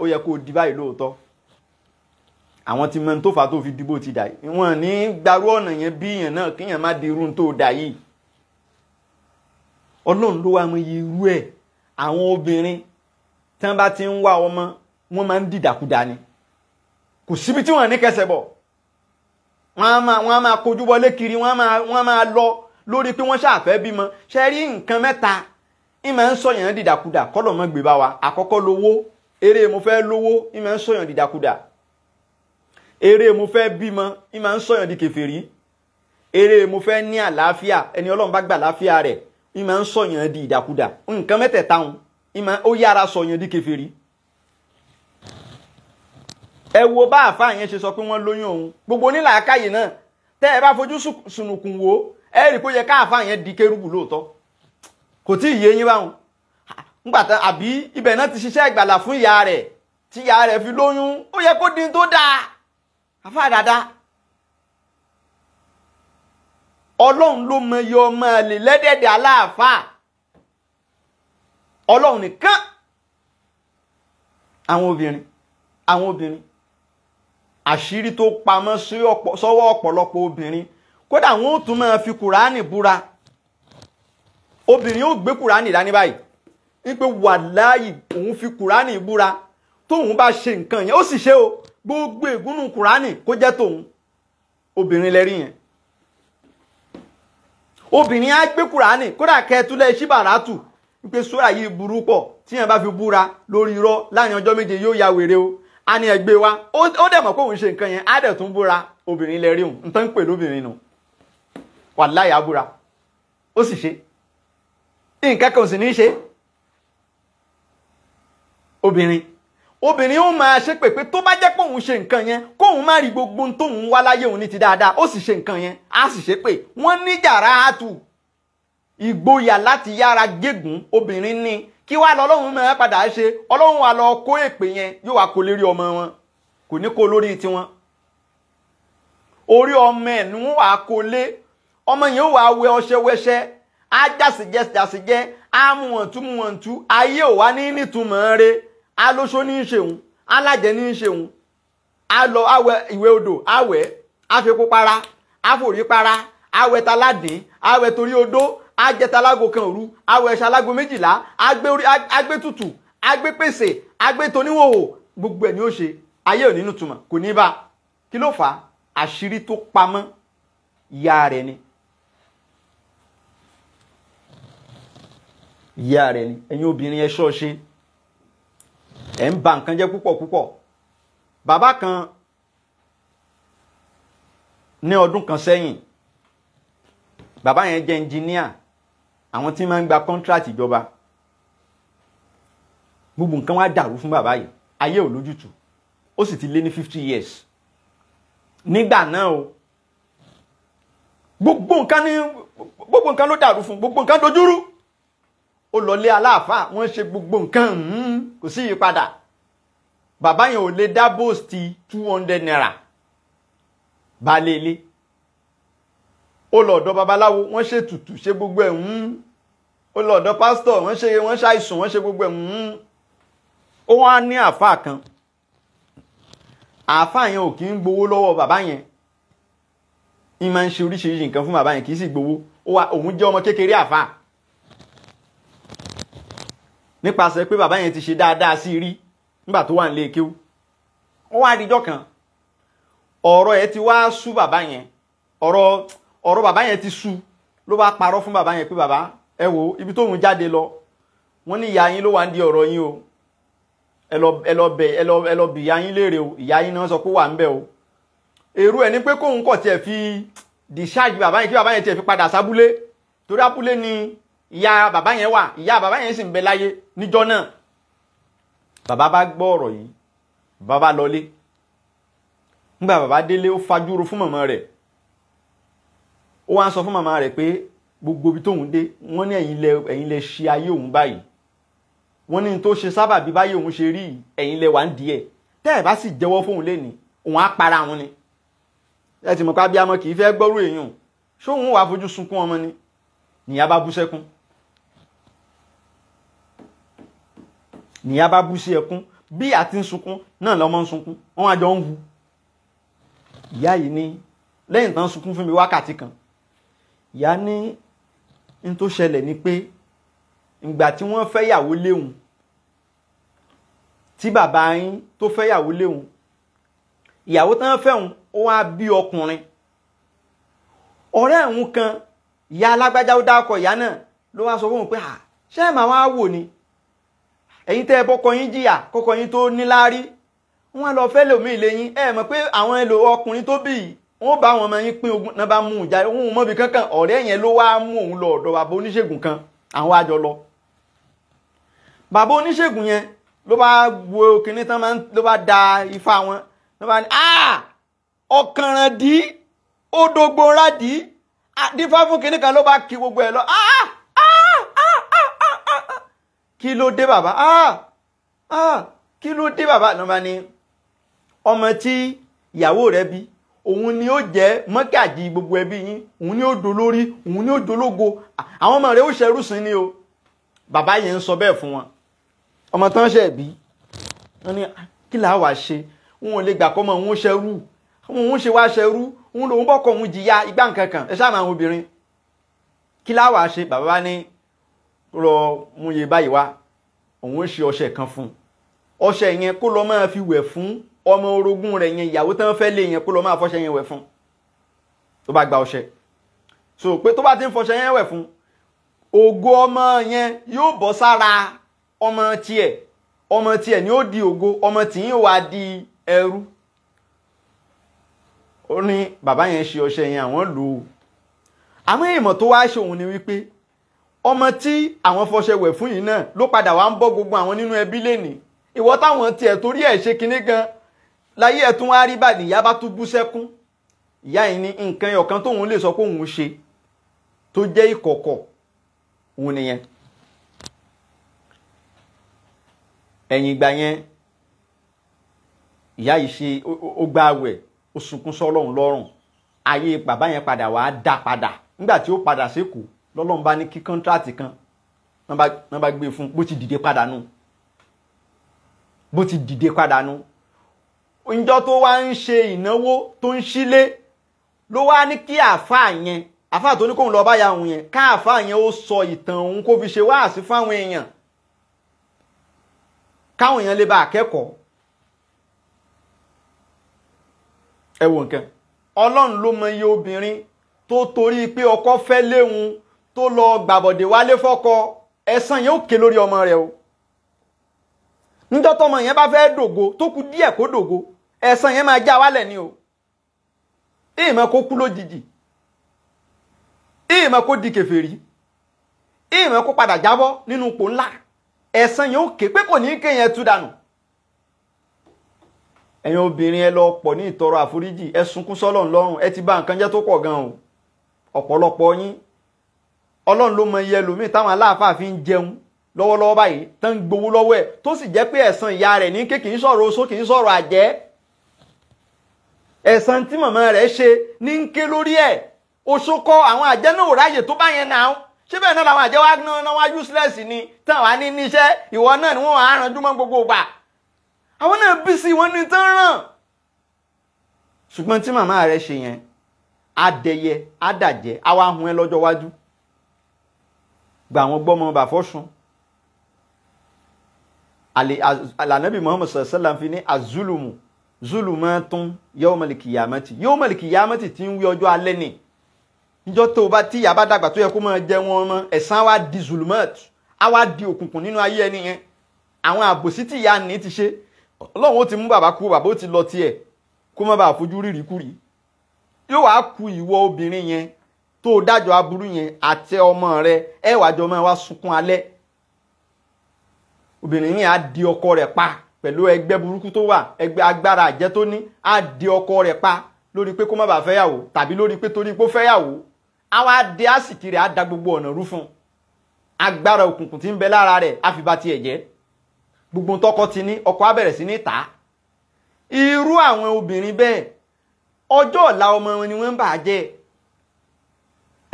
ó yẹ kó o di báyìí lóòótọ́ àwọn tí mẹ́ni tó fà tó fi dìbò ti dà yìí wọ́n ní gbarú ọ̀nà yẹn bí yẹn náà kíyàn má di irú tó dà yìí ọlọ́run ló wá mọ iye irú ẹ̀ àwọn obìnrin tí wọ́n bá ti ń wá ọmọ wọ́n máa ń dìdàkudà ni kò síbi tí wọ́n ní kẹsẹ̀ bọ̀ wọ́n á máa wọ́n á máa kojú wọlé kiri wọ́n á máa wọ́n á máa lọ lórí pé wọ́n ṣàfẹ́ bímọ ṣe rí nǹkan mẹ́ta ìmọ̀ ń sọ̀yàn dìdàkudà kọ́lọ̀ mọ́ gbé bá wa àkọ́kọ́ lówó eré mo fẹ́ lówó ìmọ̀ ń sọ̀yàn dìdàkudà eré mo fẹ́ bímọ ìmọ̀ ń sọ̀yàn di kèfèrí eré mo fẹ́ ní àlàáfíà ẹni ọlọ́run bá gbà àlàáfíà rẹ̀ ìmọ̀ ń sọ̀yàn di ìdàkudà nǹkan mẹ́tẹ̀ẹ̀ta òun ìmọ̀ ó yára sọ̀yàn di kèfèrí ẹ wo bá àfáà yẹn ṣe sọ pé wọ́n lóyún òun gbogbo onílàákàyè náà tẹ́ ẹ bá fojú sùnùkùn wò ẹ rí i pé ó yẹ ká àfáà yẹn di kérúbù lóòótọ́ kò tí ì yé yín báwọn ngbàtà àbí ibẹ̀ náà ti ṣiṣẹ́ ìgbàlà fún ìyá rẹ̀ tí ìyá rẹ̀ fi lóyún ó yẹ kó dín tó dáa àfáà dáadáa ọlọ́run ló mọ iye ọmọ àlè lẹ́dẹ̀ẹ̀dẹ̀ aláàfáà ọlọ́run nìkan àwọn obìnrin àwọn obìnrin àṣírí tó pamọ́ sọ́wọ́ ọ̀pọ̀lọpọ̀ obìnrin kódà wọn ò tún máa fi kùránì búra obìnrin ó gbé kùránì dání báyìí wípé wàláyì òun fi kùránì búra tóun bá ṣe nǹkan yẹn ó sì ṣe o gbogbo ègúnnù kùránì kó jẹ́ tòun obìnrin lẹ́rí yẹn obìnrin á gbé kùránì kódà kẹtùlẹ̀ ṣíbàràtù wípé sóra yìí burú pọ̀ tíyẹn bá fi búra lórí irọ́ láàrin ọjọ́ méje yóò ya wèrè o a ní ẹgbẹ́ wa ó dẹ̀ mọ̀ pé òun ṣe nǹkan yẹn á dẹ̀ tún búra obìnrin lẹ rí òun n tó ń pè lóbìnrin nù wàláhì á búra ó sì ṣe nǹkan kan ò sì ní í ṣe obìnrin obìnrin ó máa ṣe pé pé tó bá jẹ́ pé òun ṣe nǹkan yẹn kóun má rí gbogbo tóun wá láyé òun ní ti dáadáa ó sì ṣe nǹkan yẹn á sì ṣe pé wọ́n ní àtù ìgboyà láti yára gégùn obìnrin ní kí wàá lọ ọlọ́run máa padà ṣe ọlọ́run wàá lọ kó èpè yẹn yóò wá kó lérí ọmọ wọn kò ní kó lórí tiwọn orí ọmọ ẹ̀ ni wọ́n wàá kó lé ọmọ yẹn wàá wẹ ọṣẹ wẹṣẹ á jàsìjẹ jàsìjẹ á mú wọ̀ntú mú wọ̀ntú ayé ò wá ní nítumọ̀ rẹ á lóṣó ní í ṣeun á lájẹ ní í ṣeun á lọ àwẹ̀ ìwé odò àwẹ̀ á fi kó para á fòrí para àwẹ̀ taládìn àwẹ̀ torí odó ajẹta alágo kan òru awọ ẹṣẹ alágo méjìlá agbé tutù agbé pèsè agbé toníwòwò gbogbo ẹ̀ ni ó ṣe ayé ò nínú túmọ̀ kò ní bá kí ló fà á àṣírí tó pamọ́ ìyá rẹ̀ ni. ìyá rẹ̀ ni ẹ̀yin obìnrin ẹ ṣọ́ọ̀ṣe ẹ̀ ń ba nǹkan jẹ́ púpọ̀ púpọ̀ bàbá kan ní ọdún kan sẹ́yìn bàbá yẹn jẹ́ ẹnjìníà àwọn tí máa ń gba contract ìjọba gbogbo nǹkan wá dàrú fún bàbá yìí ayé ò lójútù ó sì ti lé ní fifty years nígbà náà o gbogbo nǹkan ní gbogbo nǹkan ló dàrú fún gbogbo nǹkan dojúrú ó lọlé aláàfáà wọ́n ṣe gbogbo nǹkan hmm, kò sí ìyípadà bàbá yẹn ò lè dá bóòsì two hundred naira balẹ̀ ilé ó lọ ọ̀dọ̀ babaláwo wọ́n ṣe tùtù ṣe gbogbo ẹ̀ ń ó lọ ọ̀dọ̀ pásítọ̀ wọ́n ṣe wọ́n ṣàìsùn wọ́n ṣe gbogbo ẹ̀ ń ó wá ní àáfàá kan àáfàá yẹn ò kì í gbowó lọ́wọ́ bàbá yẹn ń máa ń ṣe oríṣiríṣi nǹkan fún bàbá yẹn kì í sì gbowó òun jẹ́ ọmọ kékeré àáfàá nípasẹ̀ pé bàbá yẹn ti ṣe dáadáa sí rí nígbà tó wà nílé kéwú ó wá dijọ́ kan ọ̀rọ̀ ẹ̀ ti wá sú bàbá yẹn ọ̀rọ̀ ọ̀rọ̀ bàbá yẹn ti sú ló bá parọ́ fún bàbá yẹn pé bàbá ẹ wo ibi tóun jáde lọ wọ́n ní ìyá yín ló wà ń di ọ̀rọ̀ yín o ẹ lọ ẹ lọ bẹ ẹ lọ ẹ lọ bi ìyá yín léèrè o ìyá yín náà sọ pé wà ń bẹ o èrú ẹ ní pé kóun kọ̀ tiẹ̀ fi discharge bàbá yẹn kí bàbá yẹn tiẹ̀ fi padà sábúlé torí abúlé ni ìyá bàbá yẹn wà ìyá bàbá yẹn sì ń bẹ láyé níjọ́ náà bàbá bá gbọ́ ọ̀rọ̀ yìí bàbá lọlé nígbà bàbá délé ó fajúro fún mọ̀mọ́ rẹ̀ ó wá ń sọ fún màmá rẹ̀ pé gbogbo ibi tóun dé wọ́n ní ẹ̀yin lẹ ẹ̀yin lẹ ṣe ayé òun báyìí wọ́n ní tó ṣe sábà bí báyìí òun ṣe rí ẹ̀yin lẹ wà ń di ẹ̀ tẹ́ ẹ̀ bá sì jẹ́wọ́ fóun lé ní òun á para wọn ni ẹ ti mọ̀ pé abiyamọ kì í fẹ́ gbọ́rú èèyàn ṣóun wàá fojú sunkún ọmọ ni nìyá bá bú sẹ́kún nìyá bá bú sí ẹkún bí àti ń sunkún náà lọ́mọ ń sunkún wọ́n á jọ ń hu ìyá yìí ní lẹ́yìn tán sunkún fún mi wákàtí kan ìyá ní n tó ṣẹlẹ̀ ni pé ìgbà tí wọ́n fẹ́yàwó léhùn tí bàbá yín tó fẹ́yàwó léhùn ìyàwó tán fẹ́hùn ó wá bí ọkùnrin ọ̀rẹ́ ẹ̀hún kan ìyá alágbájá ó dákọ̀ ìyá náà ló wá sọ fún un pé ṣé ẹ̀ máa wá wò ni ẹ̀yin tẹ́ ẹ bọ́kọ yín jìyà kọ́kọ yín tó níláárí wọ́n lọ fẹ́ lòmí ilé yín mọ̀ pé àwọn ẹlò ọkùnrin tó bí wọ́n bá àwọn ọmọ yín pín ogún náà bá mú un jáde òun mọ́bi kankan ọ̀rẹ́ yẹn ló wá mú òun lọ ọ̀dọ̀ bàbá oníṣègùn kan àwọn àjọ lọ bàbá oníṣègùn yẹn ló bá wo kinní tán ló bá da ifá wọn ló bá ní ah! ọkànràn dí odògbò rádì ah, dífá fún kinní kan ló bá kí gbogbo ẹ lọ ah! kí ló dé bàbá kí ló dé bàbá ló bá ní ọmọ tí ìyàwó rẹ bí òun ni ó jẹ́ mọ́kàjì gbogbo ẹbí yín òun ni ó dolórí òun ni ó dológo àwọn ọmọ rẹ̀ ó ṣẹrúsìn ni o bàbá yẹn ń sọ bẹ́ẹ̀ fún wọn ọmọ tán ṣe bí wọn ni kí làá wàá ṣe wọn ò lè gbà kọ́ mọ òun ṣẹrú òun ṣe wá ṣẹrú òun lòun bọ́kọ̀ òun jìyà igbá nǹkan kan ẹ sáà máa àwọn obìnrin kí làá wàá ṣe bàbá ní rọ mú báyìí wá òun ṣe ọṣẹ kan fún ọṣẹ yẹn kó lọ máa fi wẹ̀ fún ọmọ orogún rẹ̀ yẹn ìyàwó tán fẹ́ lé yẹn kó lọ máa fọṣẹ yẹn wẹ̀ fún tó bá gba ọṣẹ so pé tó bá ti ń fọṣẹ yẹn wẹ̀ fún ògo ọmọ yẹn yóò bọ́ sára ọmọ tiẹ̀ ọmọ tiẹ̀ ni ó di ògo ọmọ tìyín wá di ẹrú ó ní bàbá yẹn ṣe ọṣẹ yẹn àwọn lò ó àmọ́ ìmọ̀ tó wá ṣe òun ni wípé ọmọ tí àwọn fọṣẹ wẹ̀ fún yìí náà ló padà wá ń bọ́ gbogbo àwọn nínú ẹbí lénìí ìwọ táwọn tiẹ̀ torí ẹ̀ ṣe kinní gan-an láyé ẹ̀tún wá rí báyìí ìyá bá tún bú sẹ́kún ìyá yìí ní nǹkan ẹ̀yọ̀kan tóun lè sọ pé òun ṣe tó jẹ́ ìkọ̀kọ̀ òun nìyẹn ẹ̀yìn ìgbà yẹn ìyá yìí ṣe ó gba àwẹ̀ ó sunkún sọ́lọ́run lọ́rùn ayé bàbá yẹn padà wàá dá padà nígbà tí ó padà sékòó lọ́lọ́run bá ní kí kọ́ńtíráàtì kan wọ́n bá gbé e fún bó ti dìde padà nù bó ti dìde padà nù ìjọ tó wá ń ṣe ìnáwó tó ń sílé ló wá ní kí àáfàá yẹn àáfàá tó ní kóun lọ́ọ́ bá ya òun yẹn káàfàá yẹn ó sọ ìtàn òun kó fi ṣe wáàsí fáwọn èèyàn káwọn èèyàn lè bá akẹ́kọ̀ọ́ ẹ wo nǹkan ọlọ́run ló mọ iye obìnrin tó torí pé ọkọ fẹ́ léhun tó lọ gbàbọ̀dé wálé fọ́kọ ẹ̀san yẹn ó ké lórí ọmọ rẹ o níjọ́ tọmọ yẹn bá fẹ́ dògo tó kù díẹ̀ kó dògo ẹ̀san yẹn máa já wálẹ̀ ni o ìmọ̀ kó kú lójijì ìmọ̀ kó di kèfèrí ìmọ̀ kó padà jábọ́ nínú ipò ńlá ẹ̀san yẹn ó ké pé kò ní í kéèyàn tú dànù ẹ̀yin obìnrin ẹ lọ pọ̀ ní ìtọrọ àforíjì ẹ sunkún sọ́lọ́run lọ́rùn ẹ ti bà nǹkan jẹ́ tó pọ̀ gan-an o ọ̀pọ̀lọpọ̀ yín ọlọ́run ló mọ iye ẹlòmíì táwọn aláàfáà fi ń jẹun lọ́wọ́lọ́wọ́ báyìí tán ń gbowó lọ́wọ́ ẹ̀ tó sì jẹ́ pé ẹ̀san ìyá rẹ̀ ní kékeré sọ̀rọ̀ oṣó kì í sọ̀rọ̀ àjẹ́ ẹ̀san tí màmá rẹ̀ ṣe ní ń ké lórí ẹ̀ oṣokọ àwọn àjẹ́ náà ò ráyè tó bá yẹn náà ṣé bẹ́ẹ̀ náà làwọn àjẹ́ wa náà náà wá useless ni tán wá ní níṣẹ́ ìwọ náà ni wọ́n á ranjú mọ́ gbogbo ìgbà àwọn náà bí sí wọn ní tán ràn ṣùgbọ́n tí màmá rẹ̀ ṣe yẹn adẹyẹ adàjẹ àwa hun ẹ lọ́jọ́ iwájú gbà wọn gbọ́mọ bàfọ́sùn àlànàbì Muhammad sallallahu alaihi wasallam fi ní azulumu zulumatun yawmal qiyamati yawmal qiyamati tí ń wí ọjọ́ alẹ́ ni níjọ́ tó o bá tí ìyá bá dàgbà tó yẹ kó máa jẹ wọn ọmọ ẹ̀san wa di zulumat á wá di òkùnkùn nínú ayé ẹni yẹn àwọn àbòsí tí ìyá ní ti ṣe ọlọ́run ó ti mú bàbá kú bàbá ó ti lọ tiẹ̀ kó má bàa fojú rírì kúrì yóò wá ku ìwọ obìnrin yẹn tó o dájọ́ aburú yẹn àti ọmọ rẹ ẹ wàá jọ máa wá sunkún alẹ́ obìnrin yẹn á di ọkọ rẹ̀ pa pẹ̀lú ẹgbẹ́ burúkú tó wà ẹgbẹ́ agbára àjẹ́ tó ní á di ọkọ rẹ̀ pa lórí pé kó má bàa fẹ́yàwó tàbí lórí pé torí pé ó fẹ́yàwó á wá di àsìkí rẹ̀ á da gbogbo ọ̀nà rú fún un agbára òkùnkùn tí ń bẹ lára rẹ̀ á fi ba tiẹ̀ jẹ́ gbogbo tọkọ ti ní ọkọ á bẹ̀rẹ̀ sí ní tà irú àwọn obìnrin bẹ́ẹ̀ ọjọ́ ọ̀la ọmọ wọn ni wọ́n ń bà jẹ́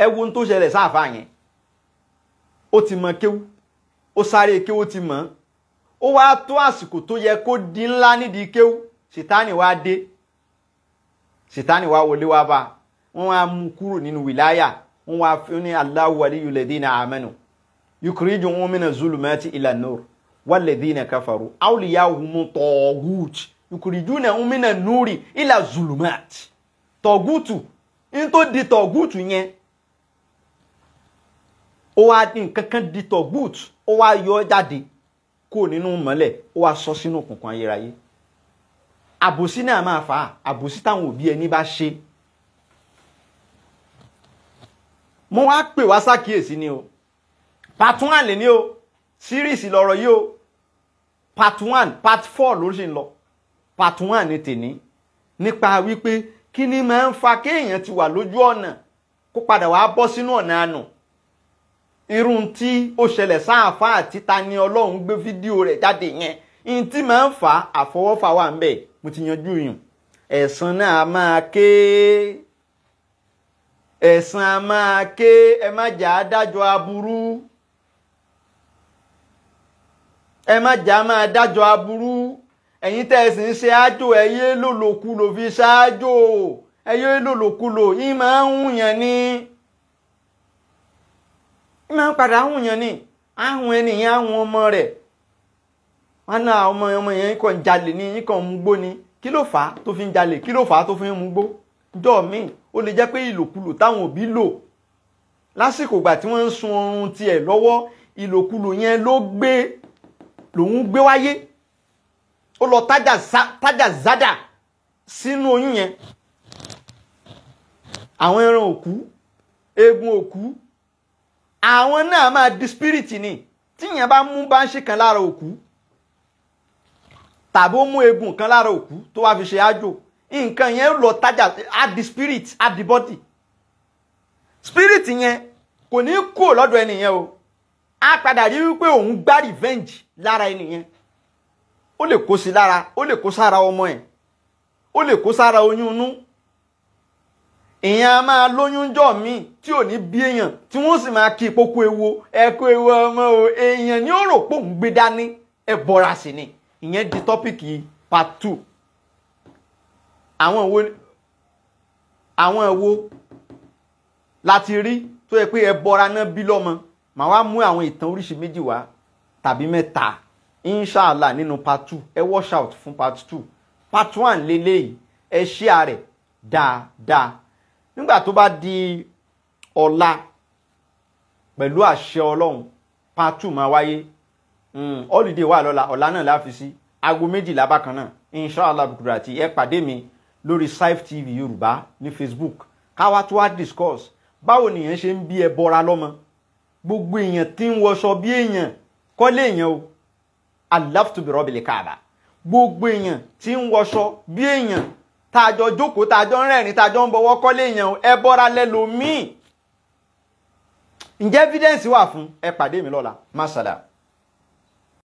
ẹ wo ohun tó ṣẹlẹ̀ sáàfà yẹn ó ti mọ kéwú ó sáré kéwú ti mọ̀ ó wá tó àsìkò tó yẹ kó di ńlá nídìí kéwú sìtáànì wá dé sìtáànì wá wọlé wá bá wọn wá mú kúrò nínú wìláyà wọn wá fún ní Allahu waliyul ladina amanu yukhrijuhum mina zulumati ila nur wal ladina kafaru awliyahum taghut yukhrijunahum mina nuri ila zulumati tọ̀gùtù n tó di tọ̀gùtù yẹn ó wá nǹkan kan di tọ̀gùtù ó wá yọ jáde kúrò nínú mọ́lẹ̀ ó wá sọ sínú òkùnkùn ayérayé àbòsí náà máa fà á àbòsí táwọn òbí ẹni bá ṣe mo wá pè wá sákìyèsí ni o part one lè ní o series lọ́rọ̀ yìí o part one part four ló ṣì ń lọ part one ni tèní nípa wípé kí ni máa ń fa kéèyàn ti wà lójú ọ̀nà kó padà wàá bọ́ sínú ọ̀nà àná irun tí ó ṣẹlẹ̀ sáàfà àti ta ni ọlọ́run gbé fídíò rẹ̀ jáde yẹn ihun tí máa ń fà á àfọwọ́fà wà ń bẹ̀ mo ti yanjú yùn ẹ̀san náà a máa ké ẹ̀san a máa ké ẹ má jà á dájọ́ aburú ẹ má jà á máa dájọ́ aburú ẹ̀yin tẹ́ ẹ sì ń ṣe ájò ẹ yé lòlòkulò fi ṣáájò ẹ yé lòlòkulò yín máa ń hùyàn ni máa ń padà áhùn yẹn ni áhùn ẹni yẹn áhùn ọmọ rẹ̀ wọn náà ọmọ ọmọ yẹn kàn jalè ní yín kàn mú gbó ni kí ló fà á tó fi ń jalè kí ló fà á tó fi ń mú gbó jọ míì ó lè jẹ́ pé ìlòkulò táwọn òbí lò lásìkò ìgbà tí wọ́n ń sun oorun tiẹ̀ lọ́wọ́ ìlòkulò yẹn ló gbé lòun gbé wáyé ó lọ tájà zádà sínú oyún yẹn àwọn ẹran òkú eegun òkú àwọn náà máa di spirit ni tíyẹn bá mú báńṣe kan lára òkú tàbí ó mú eegun kan lára òkú tó wá fi ṣe ájò nǹkan yẹn lọ tájà á spirit á body spirit yẹn kò ní kúrò lọ́dọ̀ ẹnìyẹn o A padà rí wípé òun gbá revenge lára ẹnìyẹn ó lè kó sí lára ó lè kó sára ọmọ ẹ̀ ó lè kó sára oyún inú èèyàn a máa lóyún jọ míì tí ò ní bí èèyàn tí wọ́n sì máa kí ìpoko ewo ẹ̀kọ́ ewo ọmọ o èèyàn ní òrò pò ń gbé dání ẹ bọ́ra sí ni ìyẹn di tọ́pìkì part two àwọn ìwo àwọn ìwo láti rí tó yẹ pé ẹ bọ́ra náà bí lọ́mọ màá wá mú àwọn ìtàn oríṣi méjì wá tàbí mẹ́ta inshàlá nínú part two ẹ wash out fún part two part one lélẹ́yìí ẹ ṣí ààrẹ dáadáa nígbà tó bá di ọ̀la pẹ̀lú àṣẹ ọlọ́run part two máa wáyé hmm, holiday wà lọ́la ọ̀la náà láfi sí aago méjìlá bákan náà inshallah bukuru àti ẹ pàdé mi lórí Saif TV Yorùbá ní Facebook káwá tó wá discuss báwo nìyẹn ṣe ń bí ẹ bọra lọ́mọ gbogbo èèyàn tí ń wọṣọ bí èèyàn kọ́lé èèyàn o alaftubirobilikaaba gbogbo èèyàn tí ń wọṣọ bí èèyàn tàjọ jókòó tàjọ ń rẹ́rìn tàjọ ń bọwọ́ kọ́lé yẹn ẹ bọ́ra lẹ́lòmíì ǹjẹ́ evidence wà fún ẹ pàdé mi lọ́la masala.